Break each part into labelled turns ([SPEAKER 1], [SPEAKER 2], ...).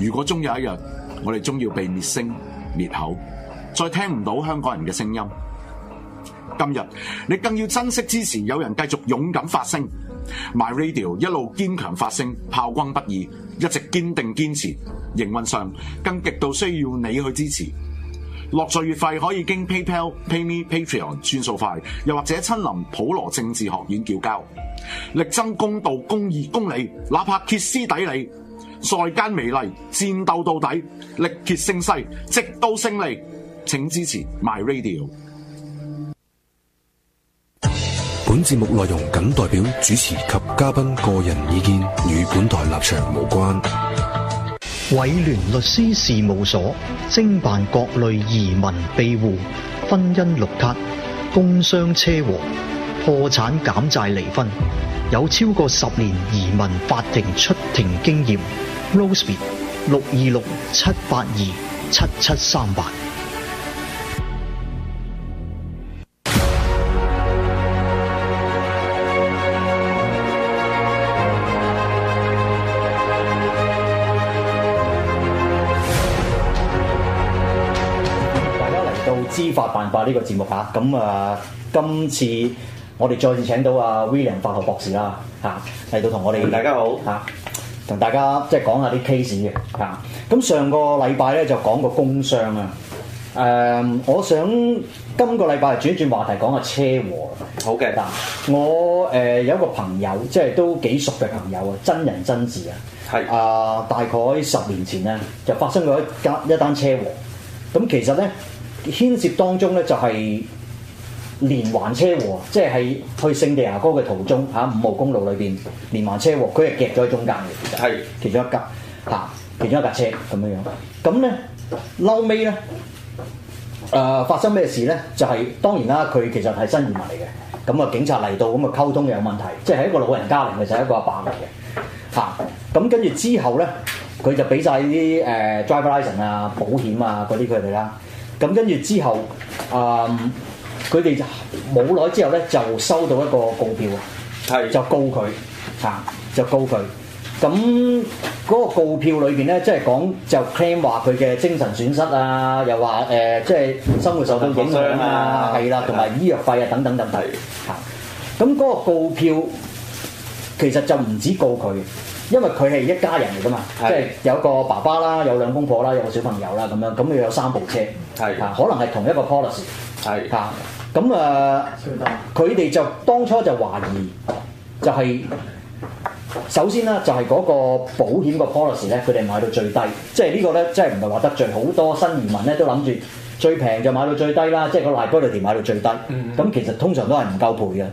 [SPEAKER 1] 如果終有一日，我哋終要被滅聲滅口，再聽唔到香港人嘅聲音。今日你更要珍惜支持，有人繼續勇敢發聲，My radio 一路堅強發聲，炮轟不已，一直堅定堅持。營運上更極度需要你去支持。落載月費可以經 PayPal、PayMe、Patreon 轉數快，又或者親臨普羅政治學院叫交，力爭公道、公義、公理，公理哪怕歇斯底里。在間美麗，戰鬥到底，力竭勝勢，直到勝利，請支持 My Radio。
[SPEAKER 2] 本節目內容僅代表主持及嘉賓個人意見，與本台立場無關。
[SPEAKER 3] 偉聯律師事務所，精辦各類移民庇護、婚姻綠卡、工傷車禍。破產減債離婚，有超過十年移民法庭出庭經驗。Rosie 六二六七八二七七三八。大家嚟到知法犯法呢個節目嚇，咁啊、呃，今次。我哋再次請到阿、啊、William 法學博士啦，嚇、啊、嚟到同我哋大家好嚇，同、啊、大家即係講下啲 case 嘅嚇。咁、啊、上個禮拜咧就講個工傷啊，誒、啊，我想今個禮拜轉一轉話題講下車禍。好嘅的，但我誒、呃、有一個朋友，即係都幾熟嘅朋友啊，真人真事啊，係是啊，大概十年前咧就發生過一間一單車禍。咁其實咧牽涉當中咧就係、是。就是。連環車禍，即係喺去聖地亞哥嘅途中，嚇、啊、五號公路裏邊連環車禍，佢係夾咗喺中間嘅，係其，是其中一架，嚇、啊、其中一架車咁樣樣。咁咧，後尾咧，誒、呃、發生咩事咧？就係、是、當然啦，佢其實係新移民嚟嘅。咁啊，警察嚟到，咁啊溝通有問題，即係一個老人家嚟嘅，就係、是、一個阿伯嚟嘅，嚇、啊。咁跟住之後咧，佢就俾晒啲誒 driver license 啊、保險啊嗰啲佢哋啦。咁跟住之後，嗯。嗯佢哋就冇耐之後咧，就收到一個告票啊係，就告佢啊，就告佢。咁嗰個告票裏邊咧，即係講就 claim 話佢嘅精神損失啊，又話誒，即係生活受到影響啊，係啦，同埋醫藥費啊等等等等嚇。咁嗰個告票其實就唔止告佢。因為佢係一家人嚟噶嘛，是的 即係有個爸爸啦，有兩公婆啦，有個小朋友啦咁樣，咁佢有三部車，嚇是的、啊，可能係同一個 policy，嚇，咁是的 啊，佢哋、呃、是的 就當初就懷疑，就係、是、首先啦，就係、是、嗰個保險個 policy 咧，佢哋買到最低，即係呢個咧，即係唔係話得罪好多新移民咧，都諗住最平就買到最低啦，嗯嗯即係個 liability 買到最低，咁其實通常都係唔夠賠嘅，誒、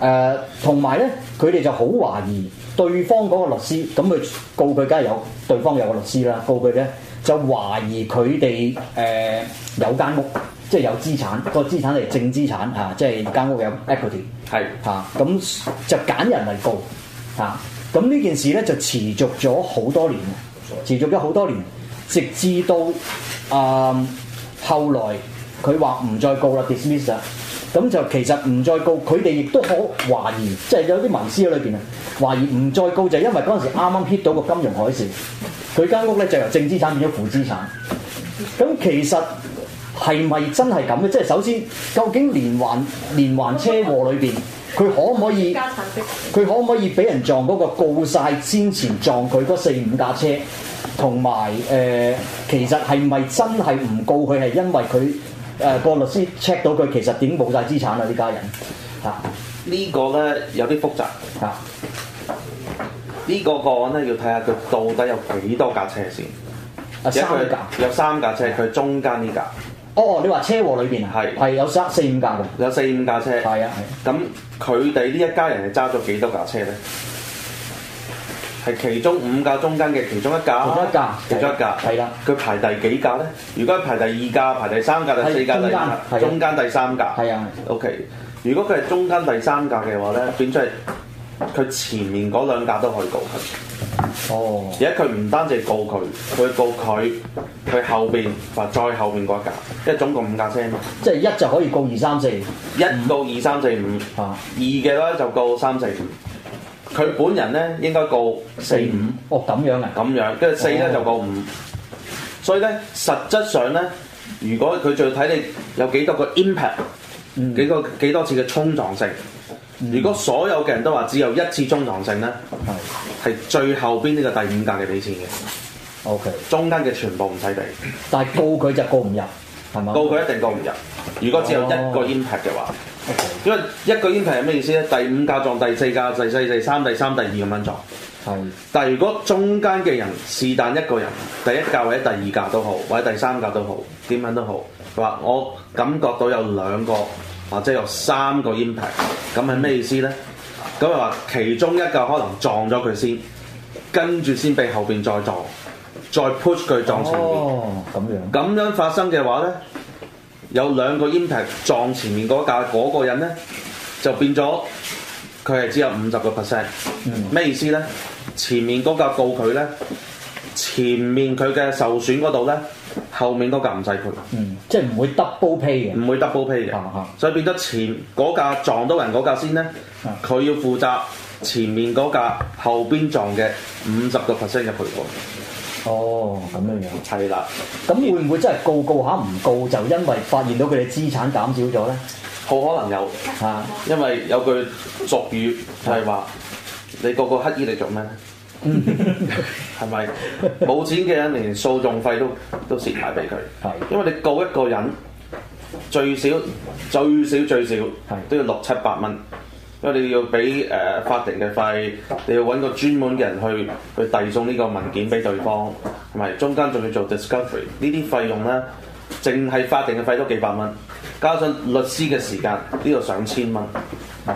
[SPEAKER 3] 呃，同埋咧，佢哋就好懷疑。對方嗰個律師，咁佢告佢梗係有，對方有個律師啦。告佢咧就懷疑佢哋誒有間屋，即係有資產，個資產係正資產嚇、啊，即係間屋有 equity 係嚇是。咁、啊、就揀人嚟告嚇。咁、啊、呢件事咧就持續咗好多年，持續咗好多年，直至到啊後來佢話唔再告啦，dismiss 咗。咁就其實唔再告，佢哋亦都好懷疑，即係有啲文師喺裏邊啊。懷疑唔再告就係因為嗰陣時啱啱 hit 到個金融海嘯，佢間屋咧就由正資產變咗負資產。咁其實係咪真係咁咧？即係首先，究竟連環連環車禍裏邊，佢可唔可以佢可唔可以俾人撞嗰個告晒先前撞佢嗰四五架車？同埋誒，其實係咪真係唔告佢係因為佢？誒、呃，個律師 check 到佢其實點冇晒資產啊？呢家人
[SPEAKER 1] 嚇、啊、呢個咧有啲複雜嚇，啊、個個案咧要睇下佢到底有幾多架車先，有、啊、三架，有三架車，佢中間呢架。哦，你話車禍裏邊係係有三四五架嘅，有四,五架，有四五架車。係啊，咁佢哋呢一家人係揸咗幾多架車咧？係其中五架中間嘅其中一架，一架其中一架，其中一架，係啦。佢排第幾架咧？如果排第二架、排第三架、是第四架、間第五，的中間第三架。係啊。O K。Okay. 如果佢係中間第三架嘅話咧，變咗係佢前面嗰兩架都可以告佢。哦。而家佢唔單止告佢，佢告佢，佢後邊或再後邊嗰架，即係總共五架車。即係一就可以告二三四五。一告二三四五。啊。二嘅咧就告三四。五。佢本人咧應該告四五哦，咁樣啊，咁樣跟住四咧、哦、就告五，所以咧實質上咧，如果佢就睇你有幾多個 impact，、嗯、幾個幾多次嘅衝撞性，嗯、如果所有嘅人都話只有一次衝撞性咧，係係、嗯、是最後邊呢個第五格嘅俾錢嘅，O K，中間嘅全部唔使俾，
[SPEAKER 3] 但係告佢就告唔入。 告佢一
[SPEAKER 1] 定告唔入。如果只有一個 impact 嘅話，oh. 因為一個 impact 係咩意思咧？第五架撞第四架，第四、第三、第三、第二咁樣撞。係。Mm. 但係如果中間嘅人是但一個人，第一架或者第二架都好，或者第三架都好，點樣都好，話我感覺到有兩個或者有三個 impact，咁係咩意思咧？咁又話其中一架可能撞咗佢先，跟住先俾後邊再撞。再 push 佢撞前面，咁、哦、咁樣、樣發生嘅話咧，有兩個 impact 撞前面嗰架嗰、那個人咧，就變咗佢係只有五十個 percent。咩、嗯、意思咧？前面嗰架告佢咧，前面佢嘅受損嗰度咧，後面嗰架唔使賠。嗯，即係唔會 double pay 嘅，唔、啊、會 double pay 嘅。啊啊、所以變咗前嗰架撞到人嗰架先咧，佢、啊、要負責前面嗰架後邊撞嘅五十個 percent 嘅賠款。哦，
[SPEAKER 3] 咁樣樣係啦，咁、嗯、會唔會真係告告下唔告就因為發現到佢哋資產減
[SPEAKER 1] 少咗咧？好可能有嚇，的因為有句俗語係話：的你個個乞兒嚟做咩咧？係咪冇錢嘅人連訴訟費都都蝕埋俾佢？的因為你告一個人最少，最少最少最少的都要六七百蚊。所以你要俾誒法庭嘅費，你要揾個專門嘅人去去遞送呢個文件俾對方，係咪？中間仲要做 discovery，呢啲費用咧，淨係法庭嘅費都幾百蚊，加上律師嘅時間，呢度上千蚊。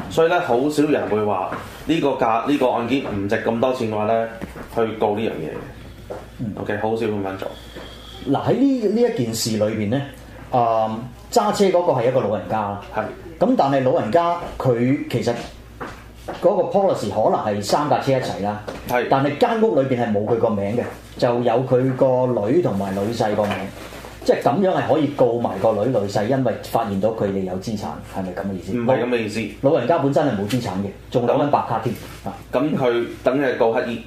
[SPEAKER 1] 所以咧，好少人會話呢個價，呢、呢個案件唔值咁多錢嘅話咧，去告呢樣嘢嘅。嗯、OK，好少會咁樣做。
[SPEAKER 3] 嗱，喺呢呢一件事裏邊咧，啊、呃、揸車嗰個係一個老人家啦。咁但係老人家佢其實嗰個 policy 可能係三架車一齊啦，是但係間屋裏邊係冇佢個名嘅，就有佢個女同埋女婿個名，即係咁樣係可以告埋個女女婿，因為發現到佢哋有資產，係咪咁嘅意思？唔係咁嘅意思，老人家本身係冇資產嘅，仲有緊白
[SPEAKER 1] 卡添。咁佢等於告乞衣。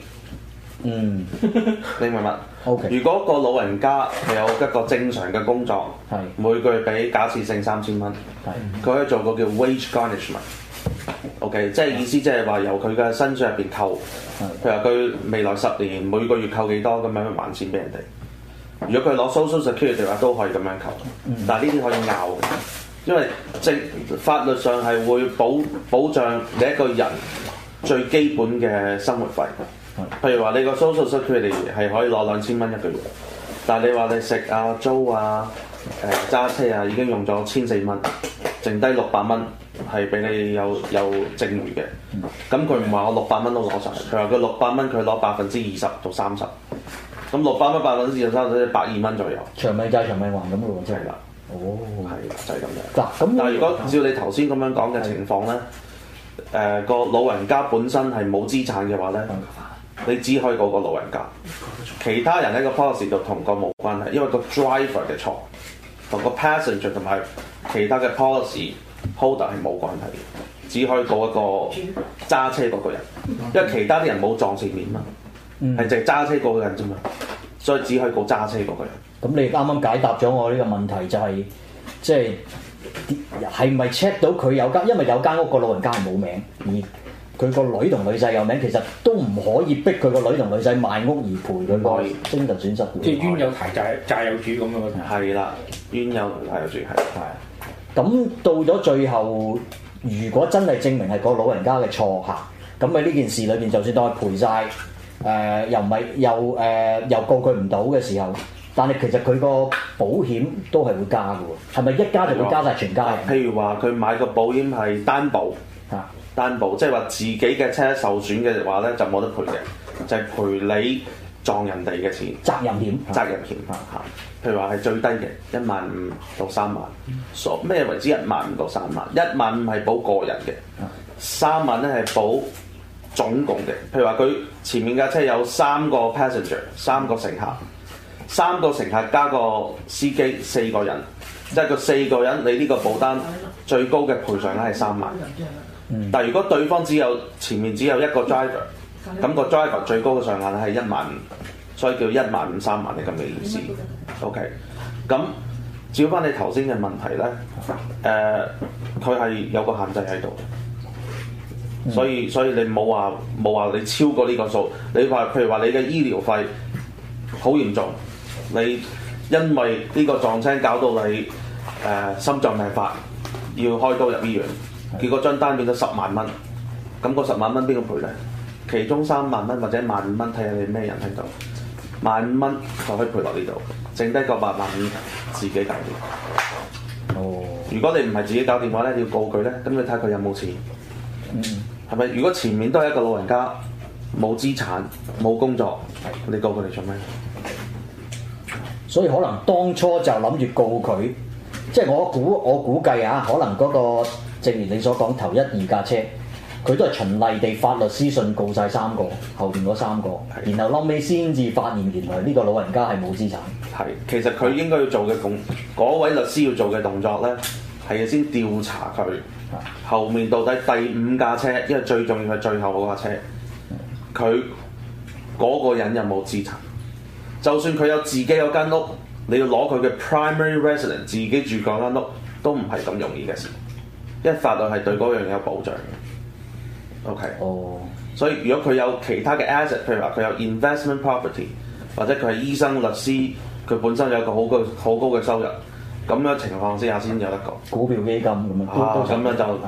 [SPEAKER 1] 嗯，mm. 你明唔明，O K。Okay. 如果個老人家係有一個正常嘅工作，係是每個月俾假設性三千蚊，係佢是可以做個叫 Wage Garnishment，O、okay? K。即係意思即係話由佢嘅身上入邊扣，譬是如話佢未來十年每個月扣幾多咁樣去還錢俾人哋。如果佢攞 Social Security 嘅話，都可以咁樣扣。嗯、但係呢啲可以拗，因為政法律上係會保保障你一個人最基本嘅生活費。譬如話你個租售室佢哋係可以攞兩千蚊一個月，但係你話你食啊、租啊、誒、呃、揸車啊，已經用咗千四蚊，剩低六百蚊係俾你有有剩餘嘅。咁佢唔話我六百蚊都攞晒，佢話佢六百蚊佢攞百分之二十到三十。咁六百蚊百分之二十到三十，百二蚊左右。長命債、長命還咁嘅真係啦。了哦，係就係咁嘅。嗱咁、嗯，嗯、但係如果照你頭先咁樣講嘅情況咧，誒、嗯呃、個老人家本身係冇資產嘅話咧。嗯嗯你只可以告個老人家，其他人咧個 policy 就同個冇關係，因為個 driver 嘅錯同個 passenger 同埋其他嘅 policy holder 係冇關係嘅，只可以告一個揸車嗰個人，因為其他啲人冇撞正面啦，係淨係揸車嗰個人啫嘛，所以只可以告揸車嗰個人。
[SPEAKER 3] 咁、嗯嗯、你啱啱解答咗我呢個問題，就係即係係咪 check 到佢有間，因為有間屋個老人家係冇名而。嗯佢個女同女婿有名，其實都唔可以逼佢個女同女婿賣屋而賠佢個精神嘅
[SPEAKER 4] 損失。即係冤有頭債，債戴有主咁樣咯。係啦，冤有頭，債有，債有主，係係。
[SPEAKER 3] 咁到咗最後，如果真係證明係個老人家嘅錯嚇，咁喺呢件事裏邊，就算當佢賠晒，誒、呃、又唔係又誒、呃、又告佢唔到嘅時候，但係其實佢個保險都係會加嘅喎。係咪有一家就會加晒全家？譬
[SPEAKER 1] 如話佢買個保險係單保。單保即係話自己嘅車受損嘅話咧，就冇得賠嘅，就係賠你撞人哋嘅錢。責任險，責任險嚇。譬如話係最低嘅一萬五到三萬，所咩為之一萬五到三萬？一萬五係保個人嘅，三萬咧係保總共嘅。譬如話佢前面架車有三個 passenger，三個乘客，三個乘客加個司機四個人，即係佢四個人，你呢個保單最高嘅賠償額係三萬。但如果對方只有前面只有一個 driver，咁、嗯、個 driver 最高嘅上限係一萬五，所以叫一萬五三萬係咁嘅意思。嗯、OK，咁照翻你頭先嘅問題咧，誒佢係有個限制喺度，所以所以你冇話冇話你超過呢個數，你話譬如話你嘅醫療費好嚴重，你因為呢個撞車搞到你誒、呃、心臟病發，要開刀入醫院。結果張單變咗十萬蚊，咁個十萬蚊邊個賠咧？其中三萬蚊或者萬五蚊，睇下你咩人喺度，萬五蚊就可以賠落呢度，剩低個八萬五自己搞掂。哦，如果你唔係自己搞掂嘅話咧，你要告佢咧，咁你睇下佢有冇錢？嗯，係咪？如果前面都係一個老人家，冇資產，冇工作，你告佢哋做咩？所以可能當初就諗住告佢，即係我估我
[SPEAKER 3] 估計啊，可能嗰個。正如你所講，頭一二架車佢都係循例地發律師信告晒三個，後邊嗰三個，的然後後尾先至發現原來呢個老人
[SPEAKER 1] 家係冇資產。係，其實佢應該要做嘅動，嗰位律師要做嘅動作咧，係先調查佢的後面到底第五架車，因為最重要係最後嗰架車，佢嗰的、嗰個人有冇資產？就算佢有自己有間屋，你要攞佢嘅 primary residence 自己住嗰間屋，都唔係咁容易嘅事。因為法律係對嗰樣嘢有保障嘅，OK，哦，oh. 所以如果佢有其他嘅 asset，譬如話佢有 investment property，或者佢係醫生、律師，佢本身有個好高、好高嘅收入，咁樣情況之下先有得講股票基金咁樣咁樣就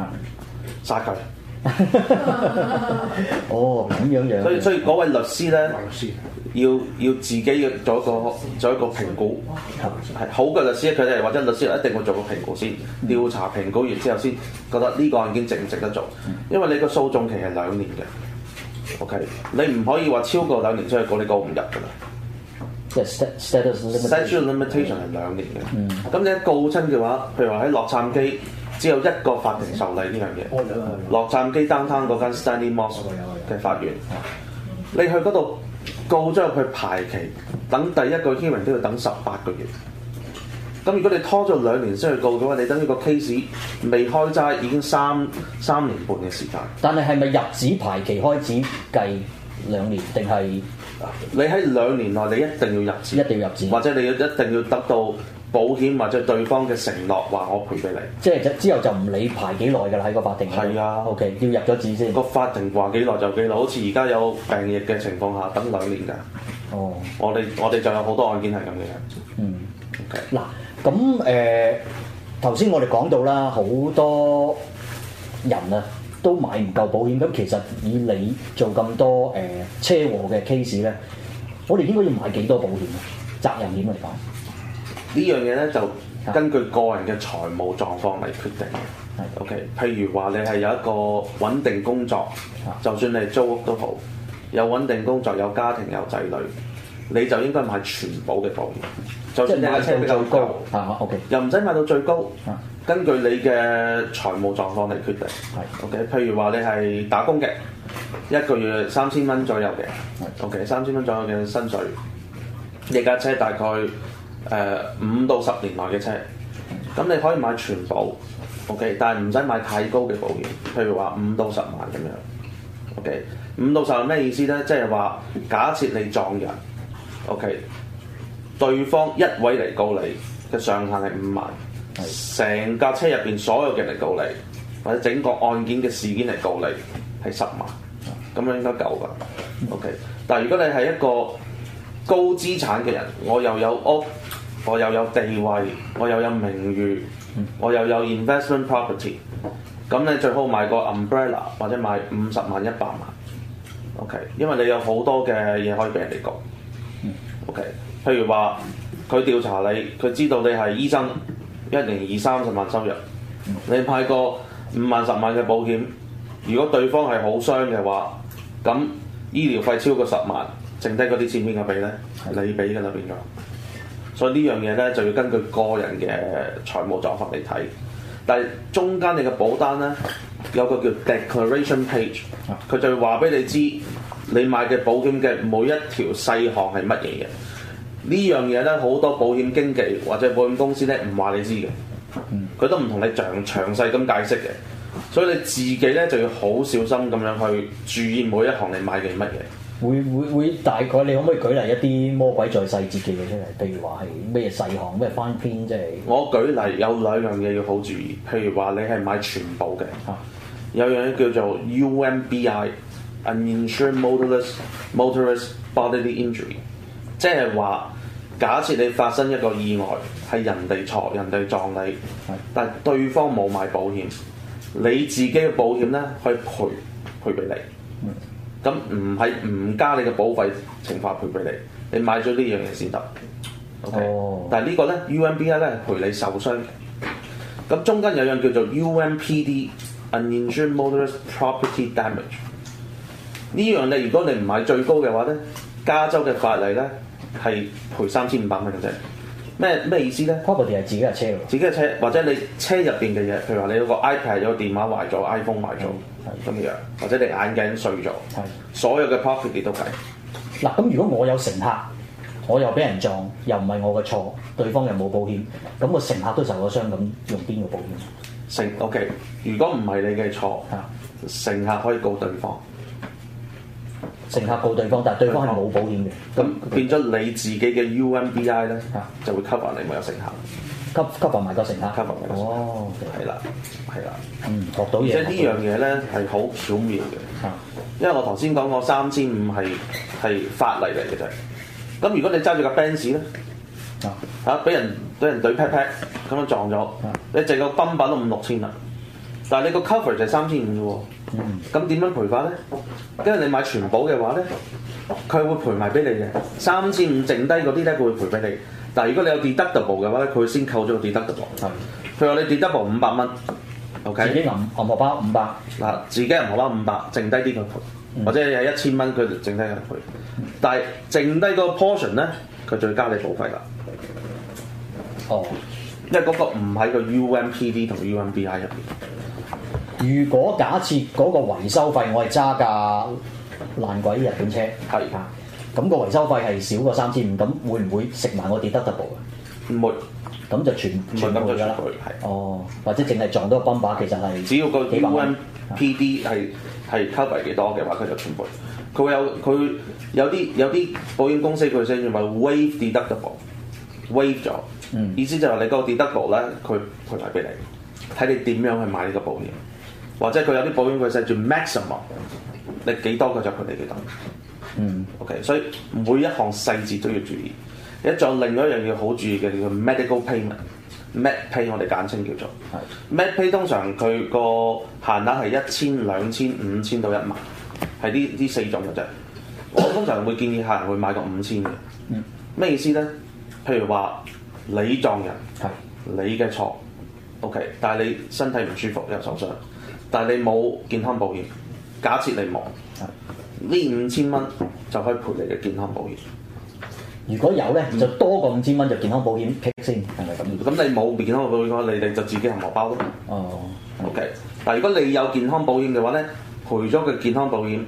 [SPEAKER 1] 殺佢。哦，
[SPEAKER 5] 咁
[SPEAKER 3] 樣樣，所以
[SPEAKER 1] 所以嗰位律師咧。律師。要要自己要做一個做一個評估，係好嘅律師佢哋或者律師一定會做個評估先，調查評估完之後先覺得呢個案件值唔值得做，因為你個訴訟期係兩年嘅，OK，你唔可以話超過兩年出去告你告唔入㗎啦。即係、yes, statutory limitation 係 ual、mm. 兩年嘅，咁、mm. 你一告親嘅話，譬如話喺洛杉磯只有一個法庭受理呢樣嘢。開咗啦。洛杉磯 Downtown 嗰間 Stanley Mosk 嘅法院，你去嗰度。告咗去排期，等第一個 hearing 都要等十八個月。咁如果你拖咗兩年先去告嘅話，你等呢個 case 未開齋已經三三年半嘅時間。但係係咪入紙排期開始計兩年，定係？你喺兩年內，你一定要入紙，一定要入紙，或者你要一定要得到保險或者對方嘅承諾，話我賠俾你。即係之後就唔理排幾耐㗎啦，喺、這個法庭。係啊的，OK，要入咗紙先。個法庭話幾耐就幾耐，好似而家有病疫嘅情況下，等兩年㗎。哦、oh.，我哋我哋就有好多案件係咁嘅。嗯
[SPEAKER 3] ，OK。嗱、呃，咁誒，頭先我哋講到啦，好多人啊。都買唔夠保險，咁其實以你做咁多誒、呃、車禍嘅 case 咧，我哋應該要買幾多保險啊？責任險嚟講，樣
[SPEAKER 1] 呢樣嘢咧就根據個人嘅財務狀況嚟決定。係。OK，譬如話你係有一個穩定工作，係。就算你係租屋都好，有穩定工作、有家庭、有仔女，你就應該買全保嘅保險，就算即買車比較高啊，OK，又唔使買到最高。根據你嘅財務狀況嚟決定，係是 OK。譬如話你係打工嘅，一個月三千蚊左右嘅是，OK，三千蚊左右嘅薪水。你架車大概誒五到十年內嘅車，咁你可以買全保，OK，但係唔使買太高嘅保險，譬如話五到十萬咁樣，OK。五到十係咩意思咧？即係話假設你撞人，OK，對方一位嚟告你嘅上限係五萬。成架車入邊所有人嚟告你，或者整個案件嘅事件嚟告你，係十萬，咁樣應該夠㗎。OK。但如果你係一個高資產嘅人，我又有屋，我又有地位，我又有名譽，我又有 investment property，咁你最好買個 umbrella 或者買五十萬一百萬。OK。因為你有好多嘅嘢可以俾人哋告。OK。譬如話佢調查你，佢知道你係醫生。一年二三十萬收入，你派個五萬十萬嘅保險，如果對方係好傷嘅話，咁醫療費超過十萬，剩低嗰啲錢邊個俾咧？係你俾嘅啦，變咗。所以呢樣嘢咧就要根據個人嘅財務狀況嚟睇。但係中間你嘅保單咧有個叫 Declaration Page，佢就會話俾你知你買嘅保險嘅每一條細項係乜嘢嘅。呢樣嘢咧，好多保險經紀或者保險公司咧，唔話、嗯、你知嘅，佢都唔同你詳詳細咁解釋嘅，所以你自己咧就要好小心咁樣去注意每一項你買嘅乜嘢。
[SPEAKER 3] 會會會大概你可唔可以舉例一啲魔鬼在細節嘅嘢出嚟？譬如話係咩細項咩 fine print, 即係
[SPEAKER 1] 我舉例有兩樣嘢要好注意，譬如話你係買全保嘅嚇，啊、有樣嘢叫做 UMBI，Uninsured Motorist Motorist Bodily Injury，即係話。假設你發生一個意外，係人哋錯，人哋撞你，但對方冇買保險，你自己嘅保險咧去賠賠俾你，咁唔係唔加你嘅保費情況賠俾你，你買咗呢樣嘢先得。Okay? 哦，但係呢個咧，UMBI 咧係賠你受傷，咁中間有樣叫做 u m p d u n i n s u r e Motorist Property Damage），呢樣你，如果你唔買最高嘅話咧，加州嘅法例咧。係賠三千五百蚊嘅啫，
[SPEAKER 3] 咩咩意思咧？Property 係自己嘅車
[SPEAKER 1] 喎，自己嘅車或者你車入邊嘅嘢，譬如話你有個 iPad、有個電話壞咗、iPhone 壞咗，咁樣的，或者你眼鏡碎咗，係的所有嘅 property 你都計。嗱，
[SPEAKER 3] 咁如果我有乘客，
[SPEAKER 1] 我又俾人
[SPEAKER 3] 撞，又唔係我嘅錯，對方又冇保險，咁個乘客都受咗傷，咁用邊個保險？
[SPEAKER 1] 乘 OK，如果唔係你嘅錯，的乘客可以告對方。乘客告對方，但係對方係冇保險嘅，咁變咗你自己嘅 UMBI 咧，就會 cover 你另外個乘客
[SPEAKER 3] ，cover 埋個乘客，cover 埋個
[SPEAKER 1] 乘客，哦，係啦，係啦，嗯，學到嘢，而且呢、嗯、樣嘢咧係好巧妙嘅，嗯、因為我頭先講過三千五係係法例嚟嘅啫，咁如果你揸住架 Benz 咧，嚇、啊、俾人俾人隊 pat pat 咁樣撞咗，你淨個 bumper 都五六千銀。但係你個 cover 就係三千五嘅喎，咁點、嗯、樣賠法咧？因為你買全保嘅話咧，佢會賠埋俾你嘅，三千五剩低嗰啲咧，佢會賠俾你。但係如果你有 deductible 嘅話咧，佢會先扣咗個 deductible。係，譬如話你 deductible 五百蚊，OK？自己銀銀荷包五百，嗱，自己銀荷包五百，剩低啲佢賠，嗯、或者有一千蚊佢剩低嘅賠。但係剩低嗰個 portion 呢，佢再加你保費啦。哦，因為嗰個唔喺個 U M P D 同 U M B I 入邊。如果假設嗰個維修費我係揸架
[SPEAKER 3] 爛鬼日本車，係啊是的、嗯，咁、那個維修費係少過三千五，咁會唔會食埋我 deductible 唔會，咁就全全，全部咗啦。哦，或
[SPEAKER 1] 者淨係撞到個泵把，其實係只要個 U N P D 係係 cover 許幾多嘅話，佢就全部。佢有佢有啲有啲保險公司佢寫住咪 waive deductible waive 咗，ible, 嗯、意思就係你個 deductible 呢，佢佢賠埋俾你，睇你點樣去買呢個保險。或者佢有啲保險佢寫住 maximum，你幾多佢就賠你幾多。嗯，OK，所以每一項細節都要注意。一仲有另外一樣要好注意嘅叫、就是、medical payment，med、mm hmm. pay 我哋簡稱叫做。係、mm。Hmm. med pay 通常佢個限額係一千、兩千、五千到一萬，係呢呢四種嘅啫。我通常會建議客人去買個五千嘅。嗯。咩意思咧？譬如話你撞人，係、mm hmm. 你嘅錯。OK，但係你身體唔舒服又受傷。但係你冇健康保險，假設你冇呢五千蚊就可以賠你嘅健康保險。
[SPEAKER 3] 如果有咧，就多過五千蚊就健康保險先，係咪咁？
[SPEAKER 1] 咁你冇健康保險嘅話，你哋就自己行荷包咯。哦，OK。嗱，如果你有健康保險嘅話咧，賠咗嘅健康保險，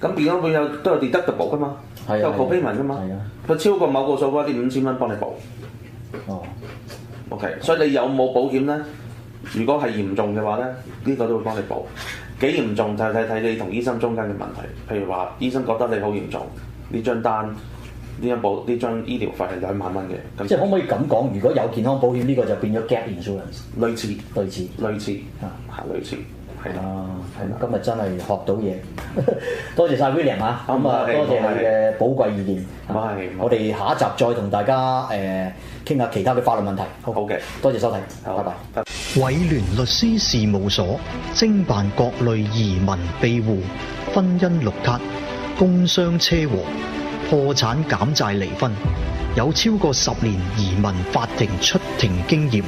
[SPEAKER 1] 咁健康保險都有 deductible 保噶嘛，都有 copayment 噶嘛，佢的超過某個數額啲五千蚊幫你補。哦，OK，嗯。所以你有冇保險咧？如果係嚴重嘅話咧，呢個都會幫你補。幾嚴重就睇睇你同醫生中間嘅問題。譬如話，醫生覺得你好嚴重，呢張單呢一保呢張醫療費係兩萬蚊嘅。即
[SPEAKER 3] 係可唔可以咁講？如果有健康保險，呢個就變咗 gap insurance。類似，類似，類似，係類似。啊類似。係啦，係啦，啊，今日真係學到嘢， 多謝晒 William 嚇，咁啊，多謝佢嘅寶貴意見。唔的的我哋下一集再同大家誒傾下其他嘅法律問題。好，OK，的多謝收睇，好的，好的拜拜。偉聯律師事務所，精辦各類移民庇護、婚姻綠卡、工傷車禍、破產減債離婚，有超過十年移民法庭出庭經驗。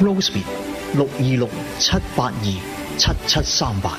[SPEAKER 3] Rosebud 六二六
[SPEAKER 6] 七八二
[SPEAKER 3] 七七三八。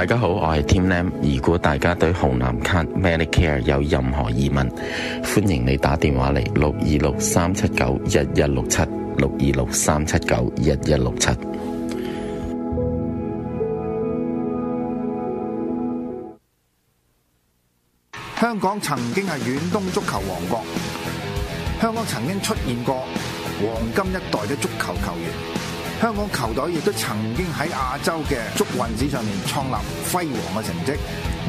[SPEAKER 7] 大家好，我係 Tim Lam。如果大家對紅藍卡 Medicare 有任何疑問，歡迎你打電話嚟六二六三七九一一六七，六二六三七九一一六七。
[SPEAKER 6] 67, 香港曾經係遠東足球王國，香港曾經出現過黃金一代嘅足球球員。香港球隊亦都曾經喺亞洲嘅足運史上面創立輝煌嘅成績，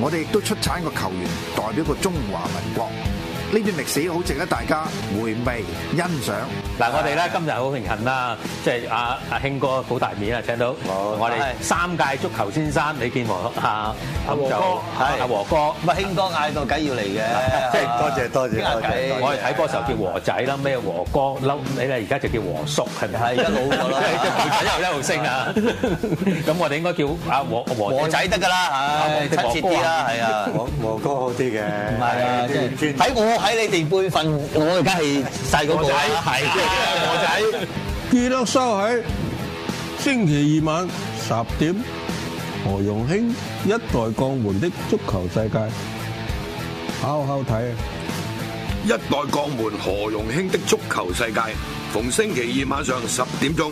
[SPEAKER 6] 我哋亦都出產一個球員，代表過中華民國。呢段歷史好值得大家回味欣賞。
[SPEAKER 4] 嗱，我哋咧今日好榮幸啦，即係阿阿興哥好大面啊！聽到，我哋三屆足球先
[SPEAKER 2] 生李建和吓，和哥係和哥，唔係興哥嗌到雞要嚟嘅，即係多謝多謝多謝。我哋睇波嘅時候叫和仔啦，咩和哥嬲你咧？而家就叫和叔係咪？而家老咗啦，一路一路升啊！咁我哋應該叫阿和
[SPEAKER 4] 和仔得㗎啦，吓，親切啲啦，係啊，和
[SPEAKER 3] 和哥好啲嘅，唔係啊，即係專喺我。喺你哋輩份，我而家係細個仔，係，
[SPEAKER 1] 即係個仔。記得收睇，喺星期二晚十點，何榮興，一代鋼門的足球世界，好好睇啊！
[SPEAKER 2] 一代鋼門，何榮興的足球世界，逢星期二晚上十點鐘。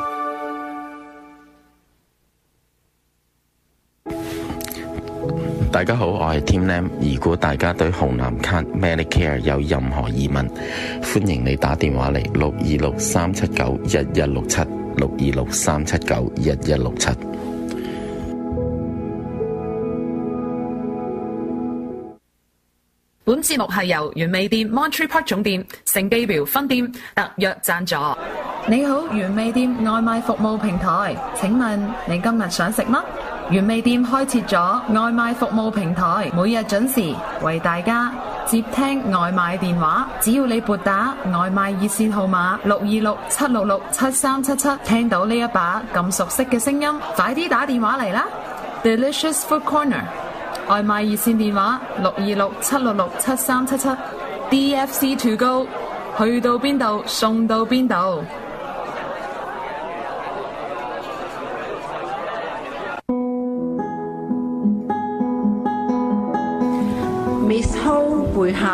[SPEAKER 7] 大家好，我係 Tim Lam。如果大家對紅藍卡 Medicare 有任何疑問，歡迎你打電話嚟，六二六三七九一一六七六二六三七九一一六七。
[SPEAKER 8] 67, 本節目係由原味店 Monterey Park 總店、聖蓋博分店特約贊助。你好，原味店外賣服務平台，請問你今日想食乜？原味店開設咗外賣服務平台，每日準時為大家接聽外賣電話。只要你撥打外賣熱線號碼六二六七六六七三七七，7 7, 聽到呢一把咁熟悉嘅聲音，快啲打電話嚟啦！Delicious Food Corner 外賣熱線電話六二六七六六七三七七，DFC to go 去到邊度送到邊度。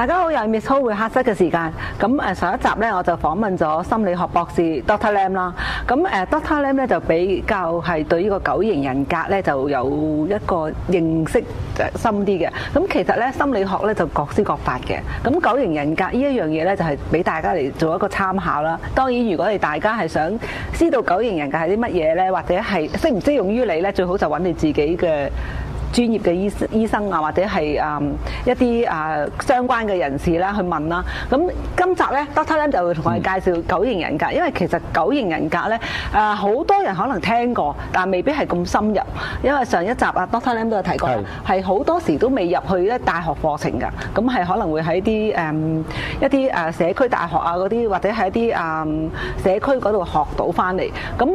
[SPEAKER 8] 大家好，又係 miss Ho，會客室嘅時間。咁誒上一集呢，我就訪問咗心理學博士 doctor Lam 啦。咁誒 doctor Lam 咧就比較係對呢個九型人格呢，就有一個認識深啲嘅。咁其實呢，心理學呢，就各施各法嘅。咁九型人格呢一樣嘢呢，就係俾大家嚟做一個參考啦。當然，如果你大家係想知道九型人格係啲乜嘢呢，或者係適唔適用於你呢，最好就揾你自己嘅。專業嘅醫醫生啊，或者係啊一啲啊相關嘅人士啦，去問啦。咁今集咧，Doctor Lim 就會同我哋介紹九型人格，因為其實九型人格咧，誒好多人可能聽過，但係未必係咁深入，因為上一集啊，Doctor Lim 都有提過，係好多時都未入去咧大學課程㗎，咁係可能會喺啲誒一啲誒社區大學啊嗰啲，或者喺啲誒社區嗰度學到翻嚟，咁。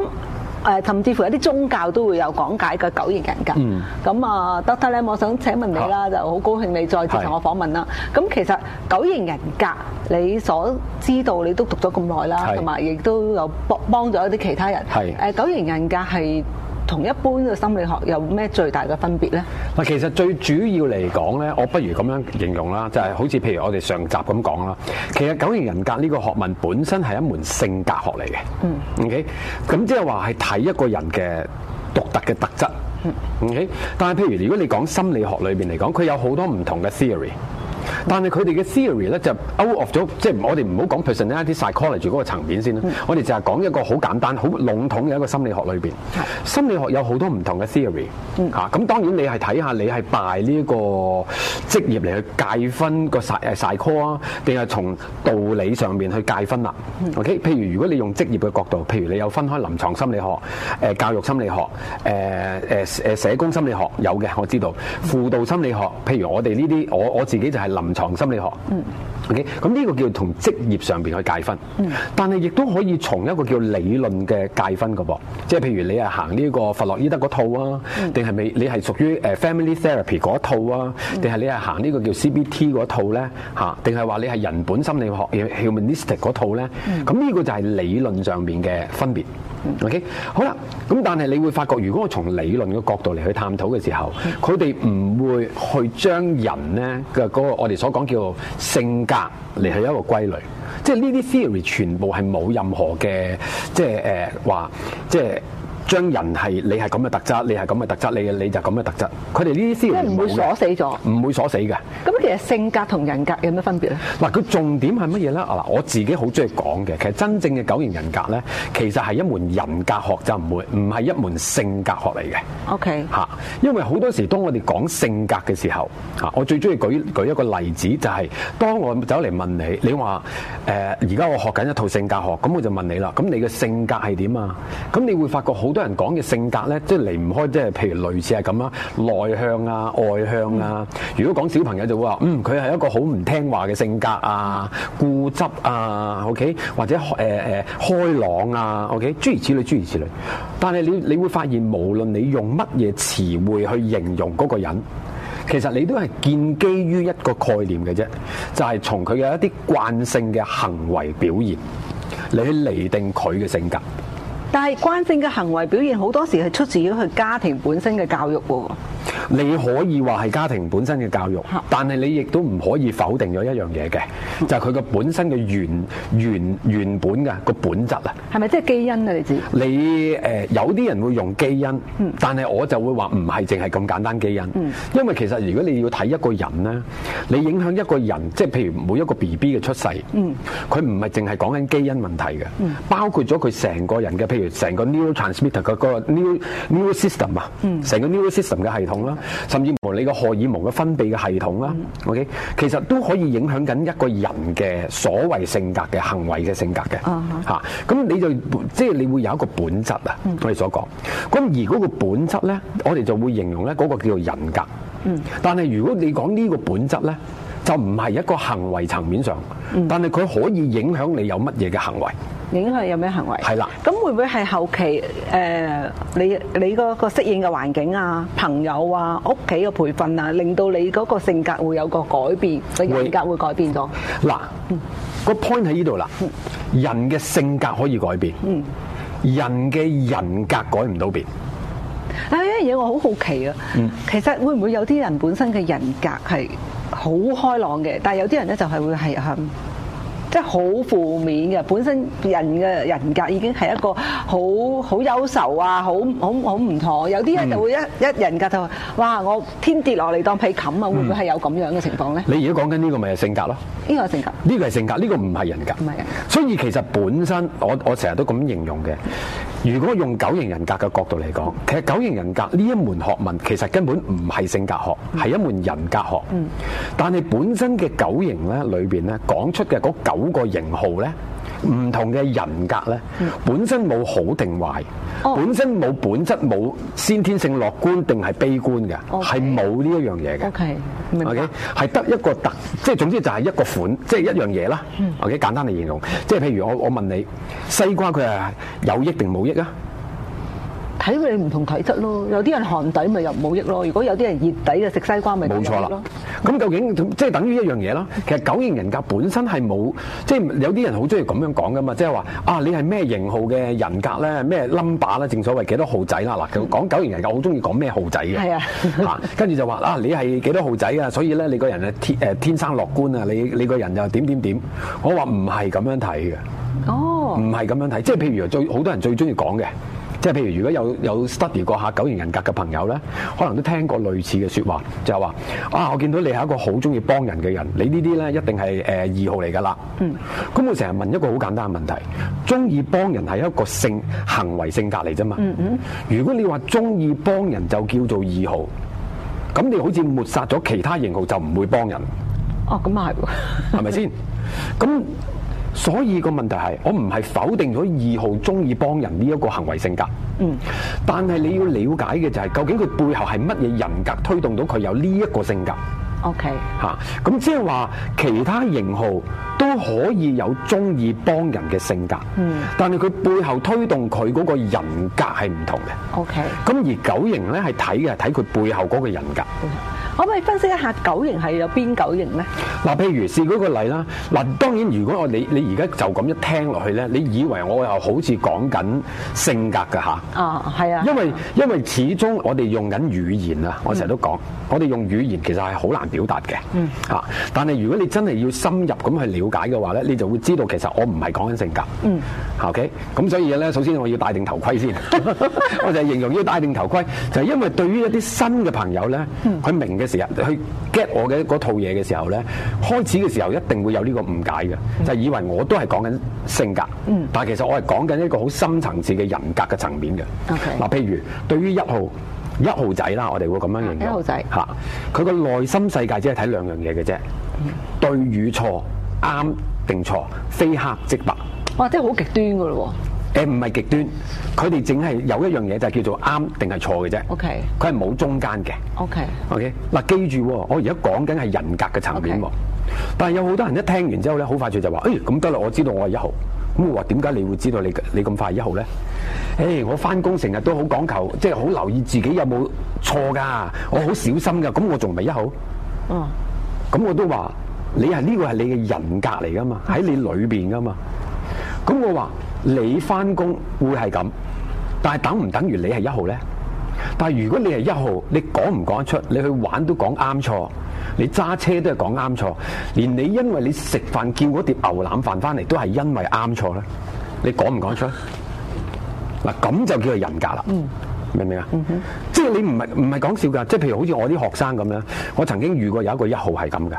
[SPEAKER 8] 誒，甚至乎有啲宗教都會有講解嘅九型人格。嗯，咁啊，Doctor Lam 咧，我想請問你啦，就好高興你再接受我訪問啦。咁其實九型人格，你所知道，你都讀咗咁耐啦，同埋亦都有幫幫咗一啲其他人。係，誒九型人格係。同一般嘅心理學有咩最大嘅分別呢？
[SPEAKER 2] 嗱，其實最主要嚟講呢，我不如咁樣形容啦，就係好似譬如我哋上集咁講啦。其實九型人格呢個學問本身係一門性格學嚟嘅。嗯。O K，咁即係話係睇一個人嘅獨特嘅特質。嗯。OK，但係譬如如果你講心理學裏面嚟講，佢有好多唔同嘅 theory。但係佢哋嘅 theory 咧就 out of 咗，即係我哋唔好講 personality 一啲 psychology 嗰個層面先啦。我哋就係講一個好簡單、好籠統嘅一個心理學裏邊。心理學有好多唔同嘅 theory，嚇咁當然你係睇下你係拜呢一個職業嚟去界分個 psy psychology 啊，定係從道理上面去界分啦。OK，譬如如果你用職業嘅角度，譬如你有分開臨床心理學、誒教育心理學、誒誒誒社工心理學有嘅，我知道輔導心理學，譬如我哋呢啲，我我自己就係臨。藏心理學。嗯。O.K. 咁呢個叫同職業上邊去界分，嗯、但係亦都可以從一個叫理論嘅界分個噃，即係譬如你係行呢個佛洛伊德嗰套啊，定係咪你係屬於誒 family therapy 嗰套啊？定係、嗯、你係行呢個叫 CBT 嗰套咧？嚇、啊？定係話你係人本心理學 humanistic 嗰套咧？咁呢、嗯、個就係理論上面嘅分別。嗯、O.K. 好啦，咁但係你會發覺，如果我從理論嘅角度嚟去探討嘅時候，佢哋唔會去將人咧嘅嗰個我哋所講叫做性格。嚟係、啊、一個規律，即係呢啲 theory 全部係冇任何嘅，即係誒、呃、話，即係。將人係你係咁嘅特質，你係咁嘅特質，你你就咁嘅特質。佢哋呢啲思想唔會鎖死咗，唔會鎖死嘅。
[SPEAKER 8] 咁其實性格同人格有咩分別咧？
[SPEAKER 2] 嗱，佢重點係乜嘢咧？嗱，我自己好中意講嘅，其實真正嘅九型人格咧，其實係一門人格學就唔會，唔係一門性格學嚟嘅。OK，嚇，因為好多時當我哋講性格嘅時候，嚇，我最中意舉舉一個例子，就係、是、當我走嚟問你，你話誒而家我學緊一套性格學，咁我就問你啦，咁你嘅性格係點啊？咁你會發覺好多人講嘅性格咧，即係離唔開，即係譬如類似係咁啊，內向啊、外向啊。如果講小朋友就會話，嗯，佢係一個好唔聽話嘅性格啊，固執啊，OK，或者誒誒、呃呃、開朗啊，OK，諸如此類，諸如此類。但係你你會發現，無論你用乜嘢詞彙去形容嗰個人，其實你都係建基於一個概念嘅啫，就係、是、從佢嘅一啲慣性嘅行為表現，你去釐定佢嘅性格。
[SPEAKER 8] 但係慣性嘅行為表現好多時係出自於佢家庭本身嘅教育喎、
[SPEAKER 2] 哦。你可以話係家庭本身嘅教育，是但係你亦都唔可以否定咗一樣嘢嘅，就係佢個本身嘅原原原本嘅個本質啊。
[SPEAKER 8] 係咪即係基因啊？你知，
[SPEAKER 2] 你誒、呃、有啲人會用基因，嗯、但係我就會話唔係淨係咁簡單基因，嗯、因為其實如果你要睇一個人咧，你影響一個人，即係、就是、譬如每一個 B B 嘅出世，佢唔係淨係講緊基因問題嘅，包括咗佢成個人嘅譬如。成個 neurotransmitter 個 neurosystem，嗯、個 neurosystem 啊，成個 neurosystem 嘅系統啦，甚至乎你個荷爾蒙嘅分泌嘅系統啦、嗯、，OK，其實都可以影響緊一個人嘅所謂性格嘅行為嘅性格嘅嚇，咁、嗯啊、你就即係你會有一個本質啊，嗯、我哋所講，咁而嗰個本質咧，我哋就會形容咧嗰個叫做人格，嗯，但係如果你講呢個本質咧，就唔係一個行為層面上，嗯、但係佢可以影響你有乜嘢嘅行為。
[SPEAKER 8] 影響有咩行為？係啦，咁會唔會係後期誒你你嗰個適應嘅環境啊、朋友啊、屋企嘅培訓啊，令到你嗰個性格會有個改變，人格會改變咗。
[SPEAKER 2] 嗱，個 point 喺依度啦，人嘅性格可以改變，人嘅人格改唔到變。
[SPEAKER 8] 啊，有一樣嘢我好好奇啊，其實會唔會有啲人本身嘅人格係好開朗嘅，但係有啲人咧就係會係係。即係好負面嘅，本身人嘅人格已經係一個好好憂愁啊，好好好唔妥。有啲人就會一一、嗯、人格就話，哇！我天跌落嚟當被冚啊，嗯、會唔會係有咁樣嘅情況咧？
[SPEAKER 2] 你而家講緊呢個咪係性格咯？呢個係性格。呢個係性格，呢、呢個唔係人格。唔係。所以其實本身我我成日都咁形容嘅。如果用九型人格嘅角度嚟講，其實九型人格呢一門學問其實根本唔係性格學，係、嗯、一門人格學。嗯、但係本身嘅九型咧，裏邊咧講出嘅嗰九個型號咧。唔同嘅人格咧，本身冇好定壞，oh. 本身冇本質冇先天性樂觀定係悲觀嘅，係冇呢一樣嘢嘅。O K，明白。O K，係得一個特，即係總之就係一個款，即係一樣嘢啦。Mm. O、okay? K，簡單嚟形容，即係譬如我我問你，西瓜佢係有益定冇益啊？
[SPEAKER 8] 睇佢哋唔同體質咯，有啲人寒底咪又冇益咯。如果有啲人熱底啊，食西瓜咪冇錯啦。
[SPEAKER 2] 咁究竟即係等於一樣嘢啦。其實九型人格本身係冇，即係有啲人好中意咁樣講噶嘛，即係話啊，你係咩型號嘅人格咧？咩 number 咧？正所謂幾多號仔啦？嗱，講九型人格好中意講咩號仔嘅？係啊。
[SPEAKER 8] 嚇，
[SPEAKER 2] 跟住就話啊，你係幾多號仔啊？所以咧，你個人啊，天誒天生樂觀啊，你你個人又點點點。我話唔係咁樣睇嘅，哦，
[SPEAKER 8] 唔
[SPEAKER 2] 係咁樣睇，即係譬如最好多人最中意講嘅。即係譬如，如果有有 study 過下九型人格嘅朋友咧，可能都聽過類似嘅説話，就係話：啊，我見到你係一個好中意幫人嘅人，你呢啲咧一定係誒、呃、二號嚟㗎啦。嗯。咁我成日問一個好簡單嘅問題：中意幫人係一個性行為性格嚟啫嘛？嗯嗯。如果你話中意幫人就叫做二號，咁你好似抹殺咗其他型號就唔會幫人。
[SPEAKER 8] 哦，咁啊係喎。係咪先？
[SPEAKER 2] 咁。 所以個問題係，我唔係否定咗二號中意幫人呢一個行為性格。嗯。但係你要了解嘅就係，究竟佢背後係乜嘢人格推動到佢有呢一個性格？O K。吓，咁即係話其他型號都可以有中意幫人嘅性格。嗯。但係佢背後推動佢嗰個人格係唔同嘅。O K。咁而九型咧係睇嘅睇佢背後嗰個人格。嗯
[SPEAKER 8] 可唔可以分析一下九型係有邊九型咧？
[SPEAKER 2] 嗱，譬如試舉個例啦。嗱，當然如果我你你而家就咁一聽落去咧，你以為我又好似講緊性格嘅吓？
[SPEAKER 8] 啊，係啊。因
[SPEAKER 2] 為因為始終我哋用緊語言啊，我成日都講，我哋用語言其實係好難表達嘅。嗯。吓，但係如果你真係要深入咁去了解嘅話咧，你就會知道其實我唔係講緊性格。
[SPEAKER 5] 嗯。
[SPEAKER 2] OK，咁所以咧，首先我要戴定頭盔先。 我就係形容要戴定頭盔，就係因為對於一啲新嘅朋友咧，佢明嘅。嘅去 get 我嘅套嘢嘅時候咧，開始嘅時候一定會有呢個誤解嘅，嗯、就係以為我都係講緊性格，嗯、但係其實我係講緊一個好深層次嘅人格嘅層面嘅。嗱 Okay.，譬如對於一號一號仔啦，我哋會咁樣形容嘅。一號仔嚇，佢個內心世界只係睇兩樣嘢嘅啫，嗯、對與錯，啱定錯，非黑即白。
[SPEAKER 8] 哇，真係好極端㗎咯喎！
[SPEAKER 2] 誒唔係極端，佢哋淨係有一樣嘢就係叫做啱定係錯嘅啫。OK，佢係冇中間嘅。
[SPEAKER 8] OK，OK，Okay.、
[SPEAKER 2] okay? 嗱、啊、記住、啊，我而家講緊係人格嘅層面。Okay. 但係有好多人一聽完之後咧，好快脆就話：誒、欸，咁得啦，我知道我係一號。咁、嗯、我話點解你會知道你你咁快一號咧？誒、欸，我翻工成日都好講求，即係好留意自己有冇錯㗎，我好小心㗎。咁、嗯嗯、我仲唔係一號？
[SPEAKER 5] 哦、嗯。
[SPEAKER 2] 咁、嗯嗯、我都話，你係呢、這個係你嘅人格嚟㗎嘛，喺你裏邊㗎嘛。咁我話。你翻工會係咁，但係等唔等於你係一號呢？但係如果你係一號，你講唔講得出？你去玩都講啱錯，你揸車都係講啱錯，連你因為你食飯叫嗰碟牛腩飯翻嚟都係因為啱錯呢？你講唔講得出？嗱，咁就叫做人格啦。嗯，明唔明啊？即係你唔係唔係講笑㗎？即係譬如好似我啲學生咁樣，我曾經遇過有一個一號係咁嘅。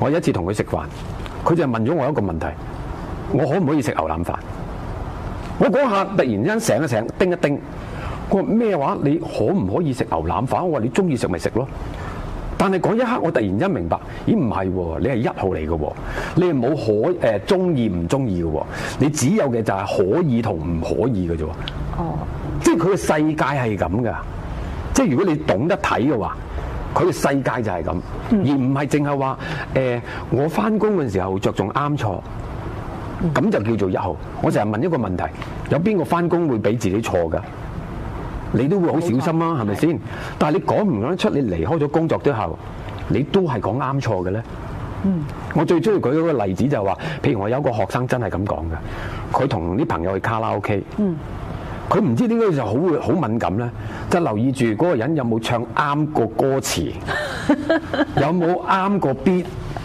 [SPEAKER 2] 我有一次同佢食飯，佢就問咗我一個問題：我可唔可以食牛腩飯？我嗰下突然之間醒一醒，叮一叮，佢話咩話？你可唔可以食牛腩飯？我話你中意食咪食咯。但係嗰一刻，我突然間明白，咦唔係喎？你係一號嚟嘅喎，你係冇可誒中意唔中意嘅喎，你只有嘅就係可以同唔可以嘅啫。哦，即係佢嘅世界係咁嘅，即係如果你懂得睇嘅話，佢嘅世界就係咁，而唔係淨係話誒我翻工嘅時候着重啱錯。咁、嗯、就叫做一號。嗯、我成日問一個問題：有邊個翻工會俾自己錯噶？你都會好小心啊，係咪先？是是但係你講唔講得出？你離開咗工作之後，你都係講啱錯嘅咧。嗯。我最中意舉嗰個例子就係話，譬如我有個學生真係咁講嘅，佢同啲朋友去卡拉 OK。嗯。佢唔知點解就好會好敏感咧，就留意住嗰個人有冇唱啱個歌詞，嗯、有冇啱個 beat。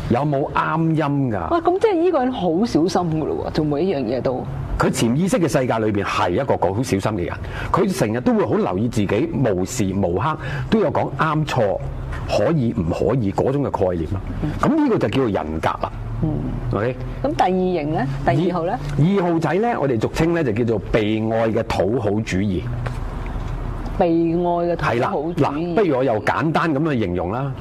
[SPEAKER 2] 有冇啱音噶？哇、啊！
[SPEAKER 8] 咁即係呢個人好小心噶咯喎，做每一樣嘢都。
[SPEAKER 2] 佢潛意識嘅世界裏邊係一個個好小心嘅人，佢成日都會好留意自己，無時無刻都有講啱錯，可以唔可以嗰種嘅概念啦。咁呢個就叫做人格啦。嗯。O K。
[SPEAKER 8] 咁第二型咧，第二號咧。
[SPEAKER 2] 二號仔咧，我哋俗稱咧就叫做被愛嘅討好主義。
[SPEAKER 8] 被愛嘅討好主義。嗱，
[SPEAKER 2] 不如我又簡單咁去形容啦。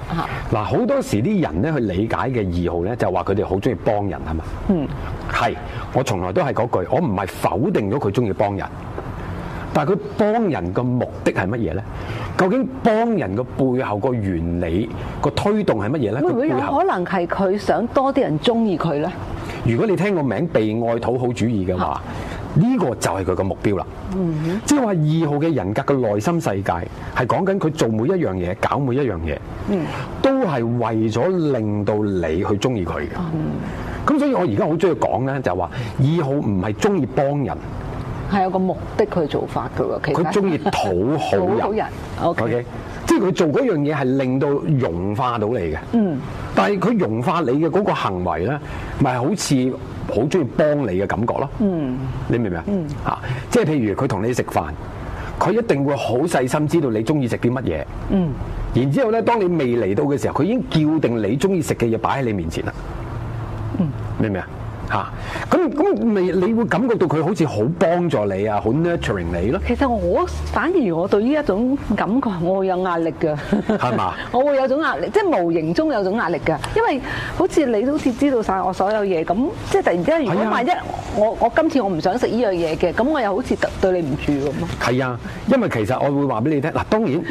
[SPEAKER 2] 嗱的，好多時啲人咧去理解嘅二號咧，就話佢哋好中意幫人，係嘛？嗯，係。我從來都係嗰句，我唔係否定咗佢中意幫人，但係佢幫人嘅目的係乜嘢咧？究竟幫人嘅背後個原理個推動係乜嘢咧？嗯、會唔會有可
[SPEAKER 8] 能係佢想多啲人中意佢咧？
[SPEAKER 2] 如果你聽個名“被愛討好主義”嘅話。呢個就係佢個目標啦，即係話二號嘅人格嘅內心世界係講緊佢做每一樣嘢，搞每一樣嘢，mm hmm. 都係為咗令到你去中意佢嘅。咁、mm hmm. 所以我而家好中意講咧，就話、是 mm hmm. 二號唔係中意幫人，
[SPEAKER 8] 係有個目
[SPEAKER 2] 的去做法嘅
[SPEAKER 8] 喎。佢中意
[SPEAKER 2] 討好人， 討好人。O K，即係佢做嗰樣嘢係令到融化到你嘅。嗯、mm，hmm. 但係佢融化你嘅嗰個行為咧，咪、就是、好似？好中意幫你嘅感覺咯，嗯，你明唔明啊？嗯，嚇，即係譬如佢同你食飯，佢一定會好細心知道你中意食啲乜嘢，嗯，然之後咧，當你未嚟到嘅時候，佢已經叫定你中意食嘅嘢擺喺你面前啦，嗯，明唔明啊？嚇！咁咁咪，你會感覺到佢好似好幫
[SPEAKER 8] 助你啊，好 nurturing 你咯、啊。其實我反而我對呢一種感覺，我會有壓力嘅。係嘛嗎？ 我會有種壓力，即係無形中有種壓力嘅。因為好似你都好似知道晒我所有嘢，咁即係突然之間，如果萬一呀我我今次我唔想食呢樣嘢嘅，咁我又好似對你唔住
[SPEAKER 2] 咁啊。係啊，因為其實我會話俾你聽嗱，當然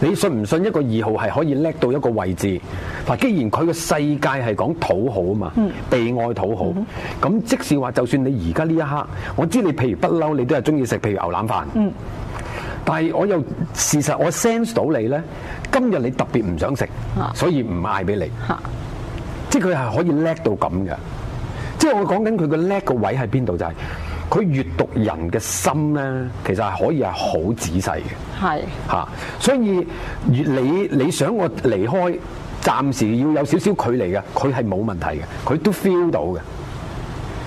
[SPEAKER 2] 你信唔信一個二號係可以叻到一個位置，但既然佢嘅世界係講討好啊嘛，嗯、被愛討好。嗯咁即使話，就算你而家呢一刻，我知你譬如不嬲，你都係中意食，譬如牛腩飯。嗯。但係我又事實，我 sense 到你呢，今日你特別唔想食，啊、所以唔嗌俾你。吓、啊，即係佢係可以叻到咁嘅，即係我講緊佢個叻個位喺邊度就係，佢閱讀人嘅心呢，其實係可以係好仔細嘅。係吓是、啊，所以你你想我離開，暫時要有少少距離嘅，佢係冇問題嘅，佢都 feel 到嘅。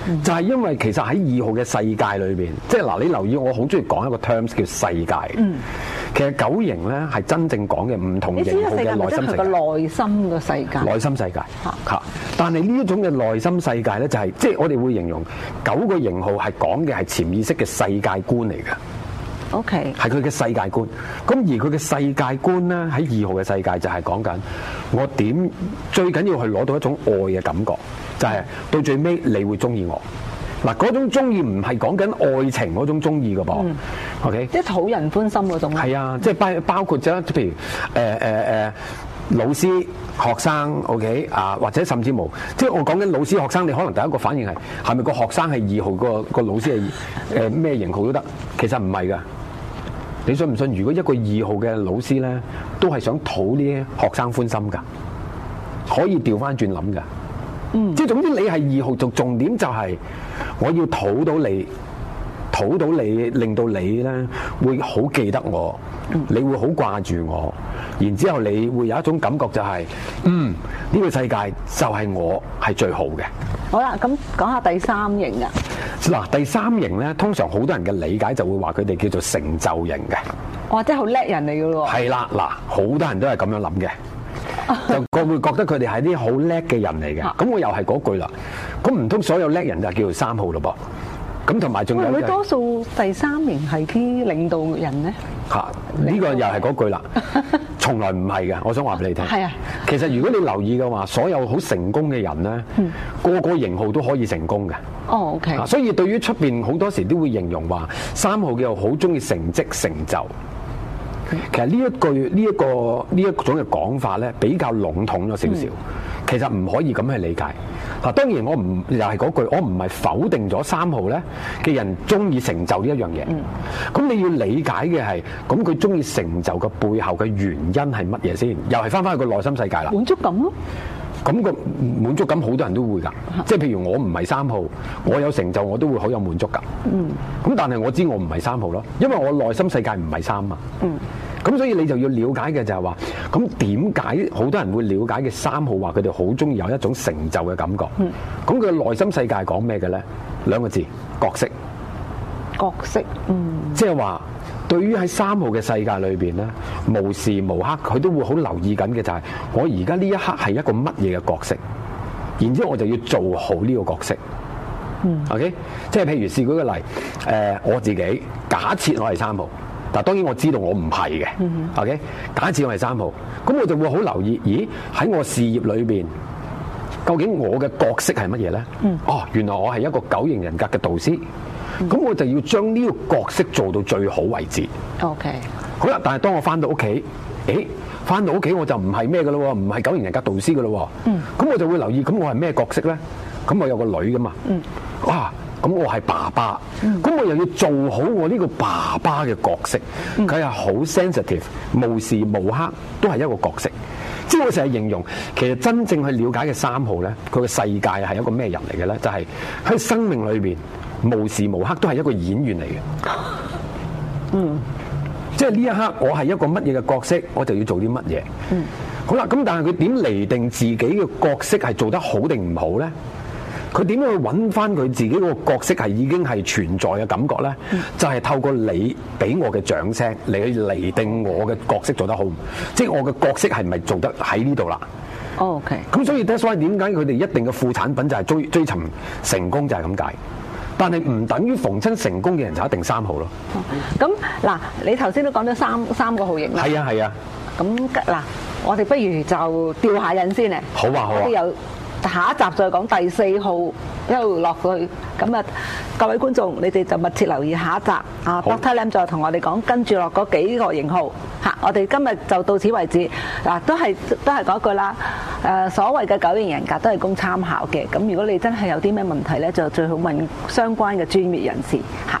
[SPEAKER 2] 嗯、就係因為其實喺二號嘅世界裏邊，即係嗱，你留意我好中意講一個 terms 叫世界。嗯，其實九型咧係真正講嘅唔同型號嘅內心世界。
[SPEAKER 8] 內心嘅世界。內
[SPEAKER 2] 心世界。吓吓，但係呢一種嘅內心世界咧是，就係即係我哋會形容九個型號係講嘅係潛意識嘅世界觀嚟嘅。O Okay K。係佢嘅世界觀。咁而佢嘅世界觀咧，喺二號嘅世界就係講緊我點最緊要去攞到一種愛嘅感覺，就係、是、到最尾，你會中意我嗱，嗰種中意唔係講緊愛情嗰種中意噶噃，O K，即係討人歡心嗰種。係、嗯、啊，即係包包括咗，譬如誒誒誒老師學生，OK 啊，或者甚至無，即係我講緊老師學生，你可能第一個反應係係咪個學生係二號個個老師係誒咩型號都得？其實唔係噶，你信唔信？如果一個二號嘅老師咧，都係想討啲學生歡心噶，可以調翻轉諗噶。嗯、即係總之你係二號，重重點就係我要討到你討到你令到你咧會好記得我、嗯、你會好掛住我，然之後你會有一種感覺就係、是、嗯，呢個世界就係我係最好嘅。
[SPEAKER 8] 好啦，咁講下第三型
[SPEAKER 2] 啊。嗱第三型咧，通常好多人嘅理解就會話佢哋叫做成就型嘅，
[SPEAKER 8] 哇真係好叻人嚟嘅喎，係
[SPEAKER 2] 啦嗱，好多人都係咁樣諗嘅。 就我會覺得佢哋係啲好叻嘅人嚟嘅，咁、啊、我又係嗰句啦。咁唔通所有叻人就叫做三號咯？噃咁同埋仲有多
[SPEAKER 8] 數第三名係啲領導人咧。
[SPEAKER 2] 吓、啊，呢、這個又係嗰句啦，從 來唔係嘅。我想話俾你聽。係啊，其實如果你留意嘅話，所有好成功嘅人咧，嗯、個個型號都可以成功嘅。哦
[SPEAKER 8] ，OK、啊。所
[SPEAKER 2] 以對於出邊好多時都會形容話，三號叫好中意成績成就。其實呢一句呢一個呢一種嘅講法咧，比較籠統咗少少，嗯、其實唔可以咁去理解。嗱，當然我唔又係嗰句，我唔係否定咗三號咧嘅人中意成就呢一樣嘢。咁、嗯、你要理解嘅係，咁佢中意成就嘅背後嘅原因係乜嘢先？又係翻翻去個內心世界啦。滿足感咯。咁個滿足感好多人都會㗎，即係譬如我唔係三號，我有成就我都會好有滿足感。嗯，咁但係我知我唔係三號咯，因為我內心世界唔係三啊。嗯，咁所以你就要了解嘅就係話，咁點解好多人會了解嘅三號話佢哋好中意有一種成就嘅感覺？嗯，咁佢內心世界講咩嘅咧？兩個字，角色。角色。嗯。即係話。對於喺三號嘅世界裏邊咧，無時無刻佢都會好留意緊嘅就係、是，我而家呢一刻係一個乜嘢嘅角色，然之後我就要做好呢個角色。嗯，OK，即係譬如試舉個例，誒、呃、我自己假設我係三號，嗱當然我知道我唔係嘅。嗯哼，OK，假設我係三號，咁我就會好留意，咦喺我事業裏邊，究竟我嘅角色係乜嘢咧？嗯、哦，原來我係一個九型人格嘅導師。咁我就要將呢個角色做到最好位置。OK。好啦，但係當我翻到屋企，誒、欸，翻到屋企我就唔係咩嘅咯，唔係九型人格導師嘅咯。嗯。咁我就會留意，咁我係咩角色咧？咁我有個女噶嘛。嗯。哇、啊，咁我係爸爸。嗯。咁我又要做好我呢個爸爸嘅角色。佢係好、嗯、sensitive，無時無刻都係一個角色。即係我成日形容，其實真正去了解嘅三號咧，佢嘅世界係一個咩人嚟嘅咧？就係、是、喺生命裏邊。無時無刻都係一個演員嚟嘅，嗯，即係呢一刻我係一個乜嘢嘅角色，我就要做啲乜嘢。嗯，好啦，咁但係佢點厘定自己嘅角色係做得好定唔好咧？佢點樣去揾翻佢自己個角色係已經係存在嘅感覺咧？嗯、就係透過你俾我嘅掌聲，嚟去厘定我嘅角色做得好，即係我嘅角色係咪做得喺呢度啦？OK，咁所以，所以點解佢哋一定嘅副產品就係追追尋成功就係咁解。但係唔等於逢親成功嘅人就一定三號咯。
[SPEAKER 8] 咁嗱、嗯，你頭先都講咗三三個號型啦。係啊係啊。咁嗱、啊，我哋不如就吊下癮先咧。好啊好啊。下一集再講第四號一路落去，咁啊各位觀眾，你哋就密切留意下一集啊好，Doctor Lam 再同我哋講跟住落嗰幾個型號嚇，我哋今日就到此為止嗱，都係都係講句啦，誒所謂嘅九型人格都係供參考嘅，咁如果你真係有啲咩問題呢，就最好問相關嘅專業人士嚇。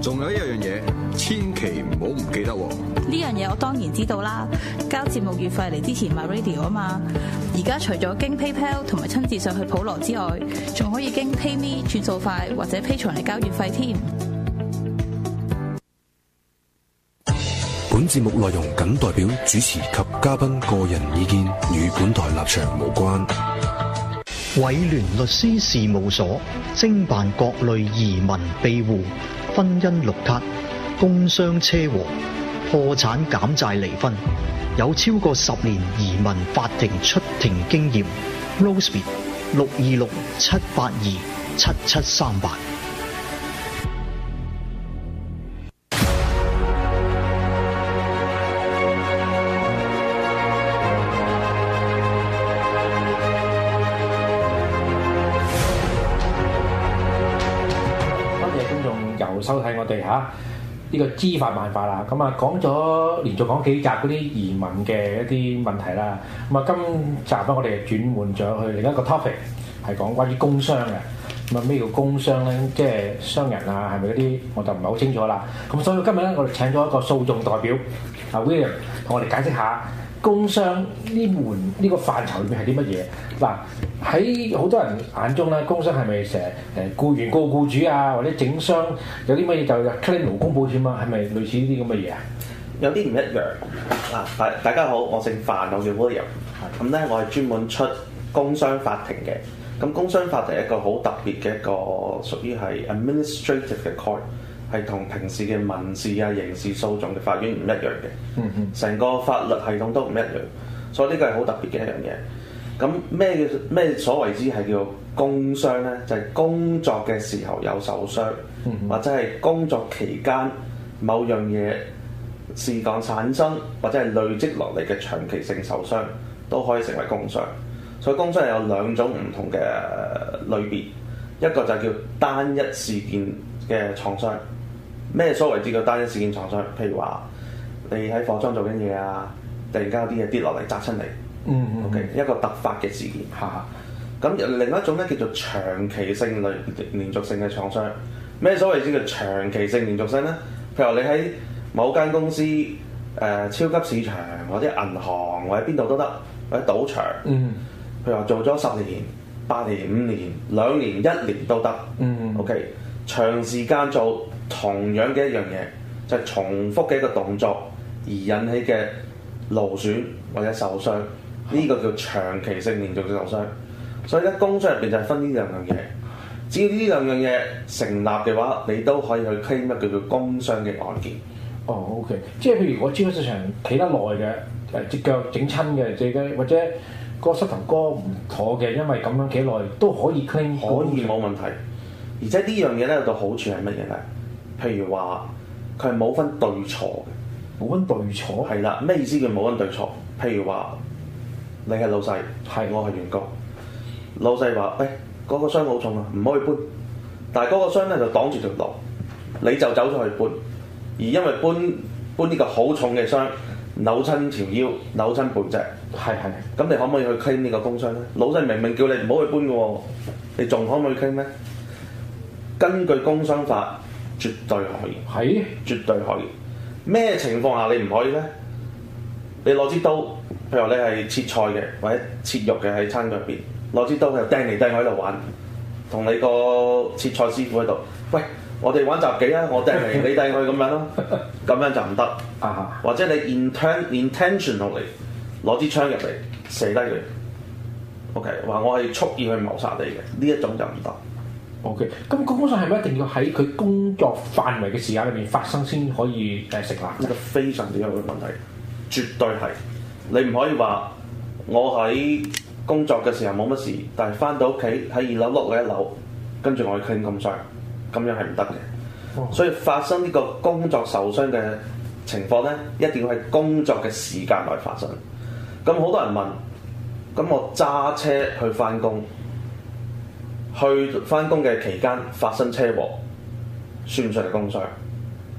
[SPEAKER 1] 仲有一樣嘢，千祈唔好唔記得。
[SPEAKER 8] 呢樣嘢我當然知道啦，交節目月費嚟之前買 radio 啊嘛。而家除咗經 PayPal 同埋親自上去普羅之外，仲可以經 PayMe 轉數快或者 Pay 財嚟交月費添。
[SPEAKER 2] 本節目內容僅代表主持及嘉賓個人意見，
[SPEAKER 3] 與本台立場無關。偉聯律師事務所精辦各類移民庇護，婚姻綠卡，工傷車禍，破產減債、離婚，有超過十年移民法庭出庭經驗。Rosebud 六二六七八二七七三八。
[SPEAKER 4] 嘅嚇，呢個知法犯法啦，咁啊講咗連續講幾集嗰啲移民嘅一啲問題啦，咁啊今集咧我哋轉換咗去另一個 topic，係講關於工傷嘅。咁啊咩叫工傷咧？即係傷人啊，係咪嗰啲？我就唔係好清楚啦。咁所以今日咧，我哋請咗一個訴訟代表啊 William 同我哋解釋下。工商呢門呢個範疇裏邊係啲乜嘢？嗱，喺好多人眼中咧，工商係咪成日誒雇員告雇主啊，或者整商有啲乜嘢就嘅勞工保險啊，係咪類似呢啲咁嘅嘢啊？
[SPEAKER 1] 有啲唔一樣。嗱、啊、大大家好，我姓范，我叫 William、嗯。咁咧，我係專門出工商法庭嘅。咁、嗯、工商法就係一個好特別嘅一個屬於係 administrative 嘅 court 係同平時嘅民事啊、刑事訴訟嘅法院唔一樣嘅，成個法律系統都唔一樣，所以呢個係好特別嘅一樣嘢。咁咩嘅咩所謂之係叫工傷呢？就係、是、工作嘅時候有受傷，或者係工作期間某樣嘢事項產生，或者係累積落嚟嘅長期性受傷都可以成為工傷。所以工傷係有兩種唔同嘅類別，一個就叫單一事件嘅創傷。咩所謂知叫單一事件創傷？譬如話你喺貨倉做緊嘢啊，突然間有啲嘢跌落嚟砸親你。嗯，嗯 OK. 一個突發嘅事件嚇。咁另一種咧叫做長期性類連續性嘅創傷。咩所謂知叫長期性連續性咧？譬如話你喺某間公司、誒、呃、超級市場或者銀行或者邊度都得，或者賭場。
[SPEAKER 5] 嗯，
[SPEAKER 1] 嗯。譬如話做咗十年、八年、五年、兩年、一年都得。嗯。OK. 長時間做。同樣嘅一樣嘢，就係、是、重複嘅一個動作而引起嘅勞損或者受傷，呢、這個叫長期性連續受傷。所以咧，工傷入邊就係分呢兩樣嘢。只要呢兩樣嘢成立嘅話，你可、oh, okay. 都可以去 claim 乜叫做工傷嘅案件。哦，OK，即係譬如
[SPEAKER 4] 我超級市場
[SPEAKER 1] 企得耐嘅誒，隻腳整親嘅，或者個膝頭哥唔妥嘅，因為咁樣幾耐都可以 claim，可以冇問題。而且樣呢樣嘢咧，有個好處係乜嘢咧？譬如話，佢係冇分對錯嘅，冇分對錯。係啦，咩意思叫冇分對錯？譬如話，你係老細，係我係員工，老細話，誒、哎，嗰、那個箱好重啊，唔可以搬。但係嗰個箱咧就擋住條路，你就走咗去搬。而因為搬搬呢個好重嘅箱，扭親條腰，扭親背脊。係係，咁你可唔可以去傾呢個工傷咧？老細明明叫你唔好去搬嘅喎、啊，你仲可唔可以傾咧？根據工傷法。絕對可以，係是絕對可以。咩情況下你唔可以咧？你攞支刀，譬如你係切菜嘅，或者切肉嘅喺餐桌入邊，攞支刀佢掟嚟掟去喺度玩，同你個切菜師傅喺度，喂，我哋玩雜技啊，我掟嚟 你掟佢咁樣咯，咁樣就唔得。或者你 intentionally 攞支槍入嚟射低佢，OK？話我係蓄意去謀殺你嘅，呢一種就唔得。O
[SPEAKER 4] K. 咁工作上係咪一定要喺佢工作範圍嘅時間裏面發生先可以呃、成
[SPEAKER 1] 立？呢、呃、個非常之有嘅問題，絕對係。你唔可以話我喺工作嘅時候冇乜事，但係翻到屋企喺二樓碌落一樓，跟住我去傾工傷，咁樣係唔得嘅。哦、所以發生呢個工作受傷嘅情況咧，一定要喺工作嘅時間內發生。咁好多人問，咁我揸車去翻工？去翻工嘅期間發生車禍，算唔算係工傷？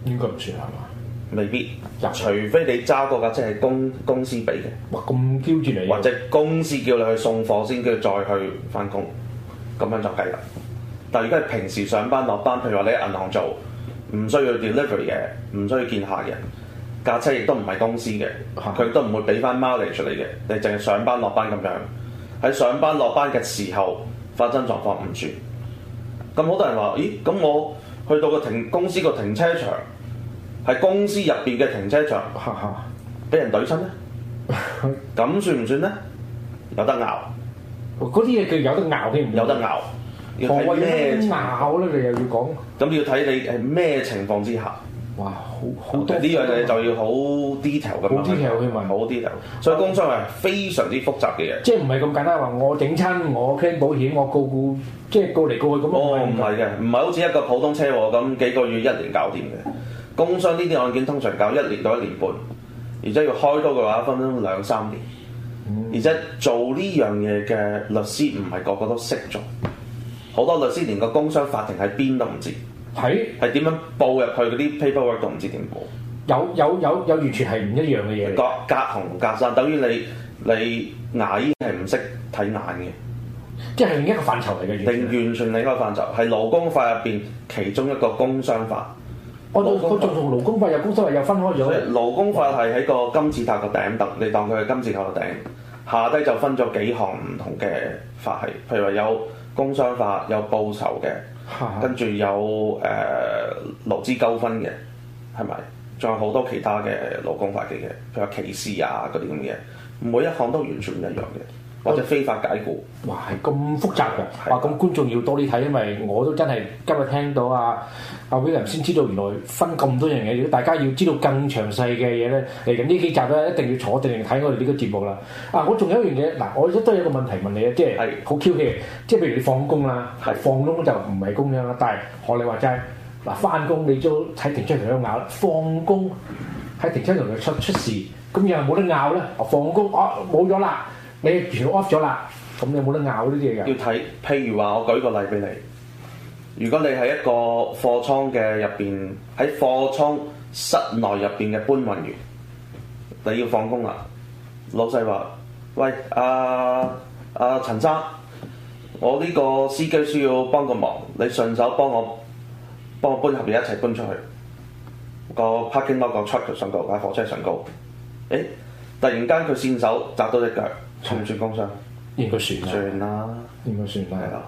[SPEAKER 1] 應該唔算係嘛？未必，了除非你揸嗰架車係公公司俾嘅。哇，咁刁轉嚟或者公司叫你去送貨先，叫你再去翻工，咁樣就計啦。但係如果係平時上班落班，譬如話你喺銀行做，唔需要 delivery 嘅，唔需要見客嘅，架車亦都唔係公司嘅，佢都唔會俾翻 money 出嚟嘅。你淨係上班落班咁樣，喺上班落班嘅時候，發生狀況唔算，咁好多人話，咦，咁我去到個停公司個停車場，係公司入邊嘅停車場被，俾人懟親咧，咁算唔算咧？有得拗，嗰啲嘢佢有得拗嘅唔？有得拗，要睇咩拗咧？你又要講，咁要睇你係咩情況之下？哇，好好多呢樣嘢就要好 detail 咁樣，好 detail 佢咪好 detail。所以工傷係非常之複雜嘅嘢，即係唔係咁簡單話我整親我傾保險，我告即係告嚟告去咁。哦，唔係嘅，唔係好似一個普通車禍咁幾個月一年搞掂嘅，嗯、工傷呢啲案件通常搞一年到一年半，而且要開多嘅話，分分兩三年。嗯、而且做呢樣嘢嘅律師唔係個個都識做，好多律師連個工傷法庭喺邊都唔知。喺係點樣報入去嗰啲 paperwork 都唔知點報有，有有有有完全係唔一樣嘅嘢，隔籬、同隔山，等於你你牙醫係唔識睇眼嘅，
[SPEAKER 4] 即係另一個範
[SPEAKER 1] 疇嚟嘅，定完全另一個範疇，係勞工法入邊其中一個工商法，我做
[SPEAKER 4] 我做同勞工法又工商又分
[SPEAKER 1] 開咗，勞工法係喺個金字塔個頂度，你當佢係金字塔個頂，下低就分咗幾項唔同嘅法係，譬如話有工商法，有報酬嘅。跟住有誒、呃、勞資糾紛嘅，係咪？仲有好多其他嘅勞工法嘅嘅，譬如歧視啊嗰啲咁嘅嘢，每一項都完全唔一樣嘅。我就非法解雇，哇，係咁複雜嘅，的哇，咁觀眾要多啲睇，因為我都
[SPEAKER 4] 真係今日聽到阿、啊、阿、啊、William 先知道原來分咁多樣嘢，如果大家要知道更詳細嘅嘢咧，嚟緊呢幾集咧一定要坐定定睇我哋呢個節目啦。啊，我仲有一樣嘢，嗱、啊，我一直都有一個問題問你嘅，就是、的即係好 Q 嘅，即係譬如你放工啦，的放工就唔係咁樣啦，但係學你話齋嗱，翻、啊、工你都睇停車場咬，放工
[SPEAKER 1] 喺停車場出出事，
[SPEAKER 4] 咁又冇得咬啦，放工啊冇咗啦。啊你全 off 咗啦，咁你冇得拗呢啲嘢嘅。要睇，
[SPEAKER 1] 譬如話，我舉個例俾你。如果你係一個貨倉嘅入邊，喺貨倉室內入邊嘅搬運員，你要放工啦。老細話：喂，阿、啊、阿、啊啊、陳生，我呢個司機需要幫個忙，你順手幫我幫我搬盒嘢一齊搬出去。個 parking lot 個 truck 上高架火車上高，誒、欸，突然間佢線手砸到隻腳。算唔算工傷？應該、啊、算算了啦，應該算啦，係啦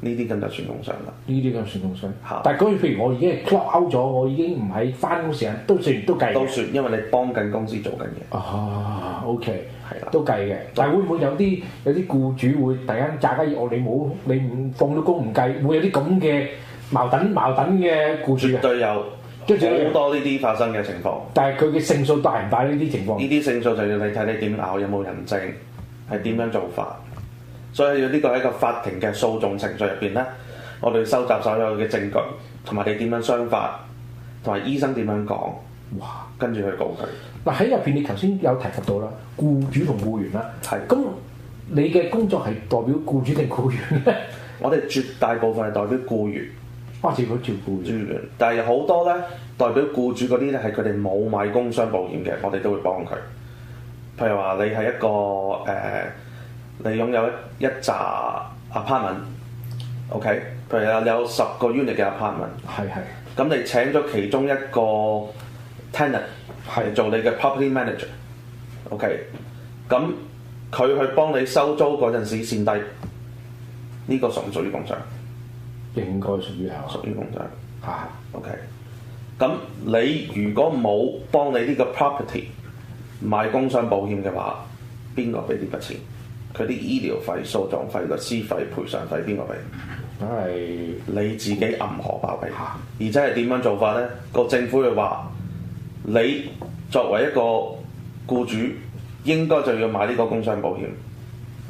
[SPEAKER 1] 的，呢啲咁就算工傷啦。
[SPEAKER 4] 呢啲咁算工傷，嚇的！但係嗰啲譬如我已經 clock out 咗，我已經唔喺翻工時間，都算都計都
[SPEAKER 1] 算，因為你幫緊公司做緊
[SPEAKER 4] 嘢。啊 OK 係啦，okay, 的都計嘅。但係會唔會有啲有啲僱主會突然間炸雞？我對你冇你唔放咗工唔計，會有啲咁
[SPEAKER 1] 嘅矛盾矛盾嘅僱主嘅？絕對有，跟住好多呢啲發生嘅情況。但係佢嘅勝數大唔大呢啲情況？呢啲勝數就要你睇你點咬，有冇人證。係點樣做法？所以要呢個喺個法庭嘅訴訟程序入邊咧，我哋收集所有嘅證據，同埋你點樣傷法，同埋醫生點樣講，哇，跟住去告佢。
[SPEAKER 4] 嗱喺入邊，你頭先有提及到啦，僱主同僱員啦，係。咁
[SPEAKER 1] 你嘅工作係代表僱主定僱員咧？ 我哋絕大部分係代表僱員，我只可照顧僱主，員但係好多咧代表僱主嗰啲咧，係佢哋冇買工傷保險嘅，我哋都會幫佢。譬如話你係一個誒、呃，你擁有一扎 apartment，OK？、Okay? 譬如啊，有十個 unit 嘅 apartment，係係。咁、嗯、你請咗其中一個 tenant 係的做你嘅 property manager，OK？、Okay? 咁、嗯、佢去幫你收租嗰陣時跣低，跣低呢個屬唔屬於工傷？應該屬於係、這個，屬於工傷。啊的，OK？咁、嗯、你如果冇幫你呢個 property 買工傷保險嘅話，邊個俾呢筆錢？佢啲醫療費、訴訟費、律師費、賠償費，邊個俾？梗係你自己暗荷包俾，啊、而且係點樣做法呢？個政府嘅話，你作為一個僱主，應該就要買呢個工傷保險。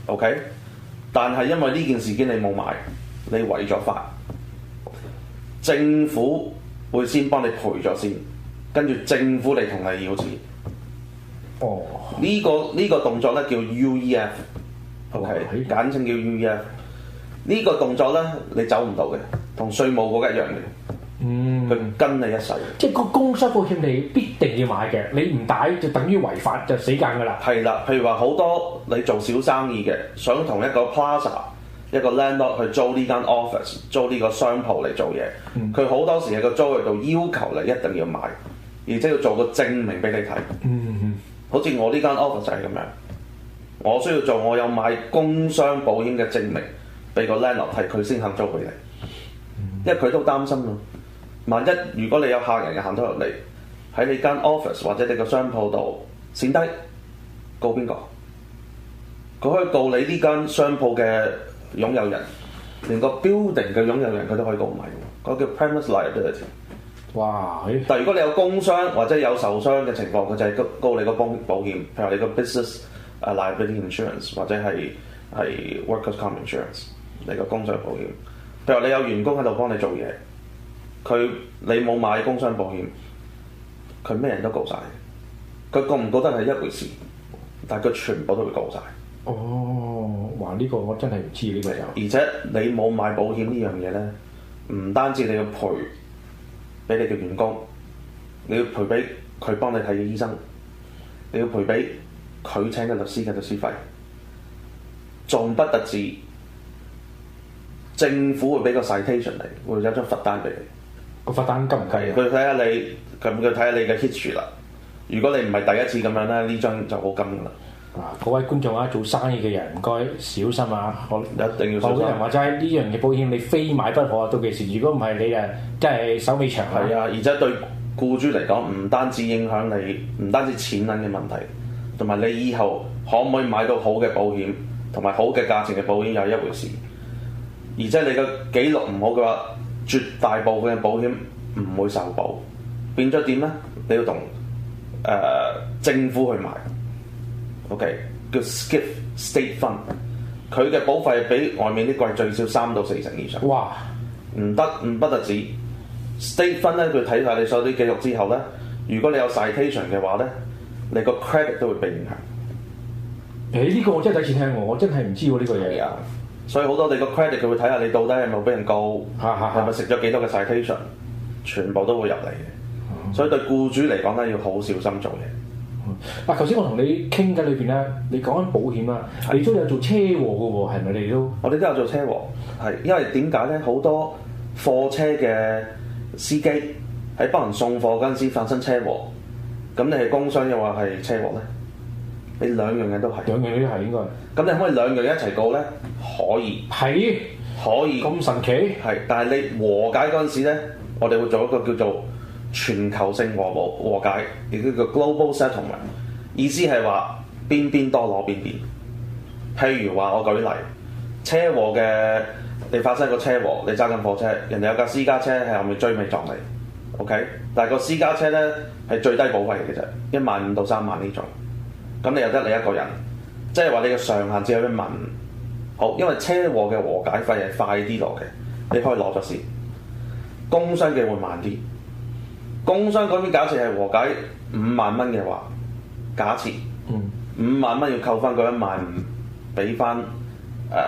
[SPEAKER 1] OK，但係因為呢件事件你冇買，你違咗法，政府會先幫你賠咗先，跟住政府嚟同你要錢。哦，呢、這個呢、這個動作咧叫 U E F，O K，簡稱叫 U E F。呢個動作咧，你走唔到嘅，同稅務嗰一樣嘅。嗯，佢唔跟你一世。
[SPEAKER 4] 即係個工傷保險，你必定
[SPEAKER 1] 要買嘅，你唔帶就等於違法，就死硬噶啦。係啦，譬如話好多你做小生意嘅，想同一個 plaza 一個 landlord 去租呢間 office，租呢個商鋪嚟做嘢，佢好、嗯、多時喺個租約度要求你一定要買，而且要做個證明俾你睇。嗯好似我呢間 office 就係咁樣，我需要做我有買工商保險嘅證明，俾個 landlord 係佢先肯租俾你，因為佢都擔心啊。萬一如果你有客人嘅行咗入嚟喺你間 office 或者你個商鋪度，剩低告邊個？佢可以告你呢間商鋪嘅擁有人，連個 building 嘅擁有人佢都可以告唔埋嘅，叫 Premise Liability。哇！Wow. 但係如果你有工傷或者有受傷嘅情況，佢就係告告你個保保險。譬如你個 business 啊 liability insurance 或者係係 workers' comp insurance 你個工傷保險。譬如你有員工喺度幫你做嘢，佢你冇買工傷保險，佢咩人都告晒，佢覺唔覺得係一回事？但係佢全部都會告晒。哦，oh, 哇！呢個我真係唔知呢個有，而且你冇買保險呢樣嘢咧，唔單止你要賠。俾你嘅員工，你要賠俾佢幫你睇嘅醫生，你要賠俾佢請嘅律師嘅律師費，仲不特止，政府會俾個 citation 嚟，會有張罰單俾你。個罰單咁計啊！佢睇下你，佢佢睇下你嘅 history 啦。如果你唔係第一次咁樣咧，呢張就好金噶啦。嗱、啊，各位觀眾啊，做生意嘅
[SPEAKER 4] 人唔該小心啊！我一定要，有啲人話齋呢樣嘅保險你非買不可啊，到幾
[SPEAKER 1] 時？如果唔係你誒真係手尾長啊！係啊，而且對僱主嚟講唔單止影響你，唔單止錢銀嘅問題，同埋你以後可唔可以買到好嘅保險，同埋好嘅價錢嘅保險又係一回事。而且你個記錄唔好嘅話，絕大部分嘅保險唔會受保。變咗點咧？你要同誒、呃、政府去買。OK，叫 skip state fund，佢嘅保費比外面啲貴最少三到四成以上。哇，唔得唔不，不得止，state fund 咧，佢睇下你所有啲記錄之後咧，如果你有 citation 嘅話咧，你個 credit 都會被影響。誒、欸、呢、這個我真係第一次聽，我真係唔知呢、啊這個嘢啊。所以好多你個 credit 佢會睇下你到底係咪俾人告，係咪食咗幾多嘅 citation，全部都會入嚟嘅。啊、所以對僱主嚟講咧，要好小心做嘢。
[SPEAKER 4] 嗱，頭先、啊、我同你傾偈裏邊咧，你講緊保險啦，的你都
[SPEAKER 1] 有做車禍嘅喎，係咪？你都，我哋都有做車禍，係，因為點解咧？好多貨車嘅司機喺幫人送貨嗰陣時發生車禍，咁你係工傷又話係車禍咧？你兩樣嘢都係，兩樣嘢都係應該。咁你可唔可以兩樣一齊告咧？可以，係的可以，咁神奇？係，但係你和解嗰陣時咧，我哋會做一個叫做全球性和和解，亦都叫 global settlement，意思係話邊邊多攞邊邊。譬如話我舉例車禍嘅，你發生個車禍，你揸緊貨車，人哋有架私家車喺後面追尾撞你，OK？但係個私家車咧係最低保費嘅啫，一萬五到三萬呢種，咁你又得你一個人，即係話你嘅上限只有一萬五。好，因為車禍嘅和解費係快啲落嘅，你可以攞咗先。工傷嘅會慢啲。工傷嗰邊假設係和解五萬蚊嘅話，假設五萬蚊要扣翻嗰一萬五，俾翻誒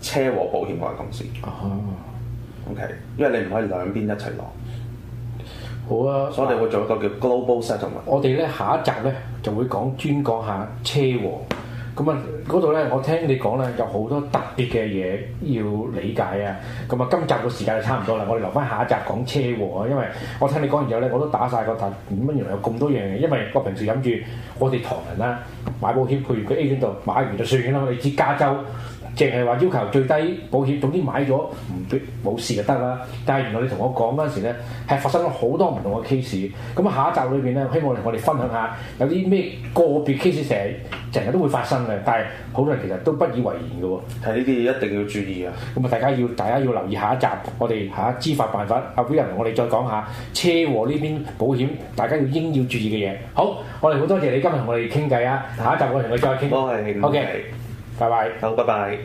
[SPEAKER 1] 車禍保險外公司。哦、啊、哈，OK，因為你唔可以兩邊一齊攞。好啊，所以我哋會做一個叫 global settlement s e t t l e m e n t
[SPEAKER 4] 我哋咧下一集咧就會講專講下車禍。咁啊，嗰度咧，我聽你講咧，有好多特別嘅嘢要理解啊！咁啊，今集個時間就差唔多啦，我哋留翻下，下一集講車禍啊，因為我聽你講完之後咧，我都打晒個突，點樣原來有咁多樣嘢？因為我平時諗住我哋唐人啦，買保險配入個 A 卷度買完就算啦，你知加州。淨係話要求最低保險，總之買咗唔必冇事就得啦。但係原來你同我講嗰陣時咧，係發生咗好多唔同嘅 case。咁啊，下一集裏邊咧，希望同我哋分享下有啲咩個別 case 成日成日都會發生嘅，但係好多人其實都不以為然嘅喎。睇呢啲嘢一定要注意啊！咁啊，大家要大家要留意下一集，我哋下一知法辦法。阿 Bill 同我哋再講下車禍呢邊保險，大家要應要注意嘅嘢。好，我哋好多謝你今日同我哋傾偈啊！下一集我哋、啊、再傾。我虧虧 OK。拜拜
[SPEAKER 1] ，bye bye。好，拜拜。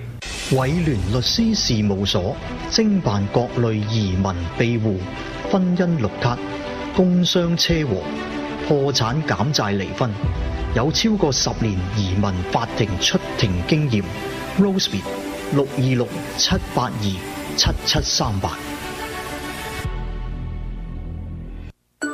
[SPEAKER 3] 偉聯律師事務所，精辦各類移民庇護、婚姻綠卡、工傷車禍、破產減債離婚，有超過十年移民法庭出庭經驗。Rosebud 六二六七八二七七三八。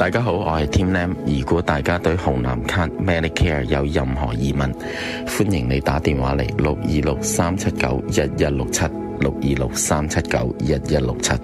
[SPEAKER 7] 大家好，我係 Tim Lam。如果大家對紅藍卡 Medicare 有任何疑問，歡迎你打電話嚟六二六三七九一一六七，六二六三七九一一六七。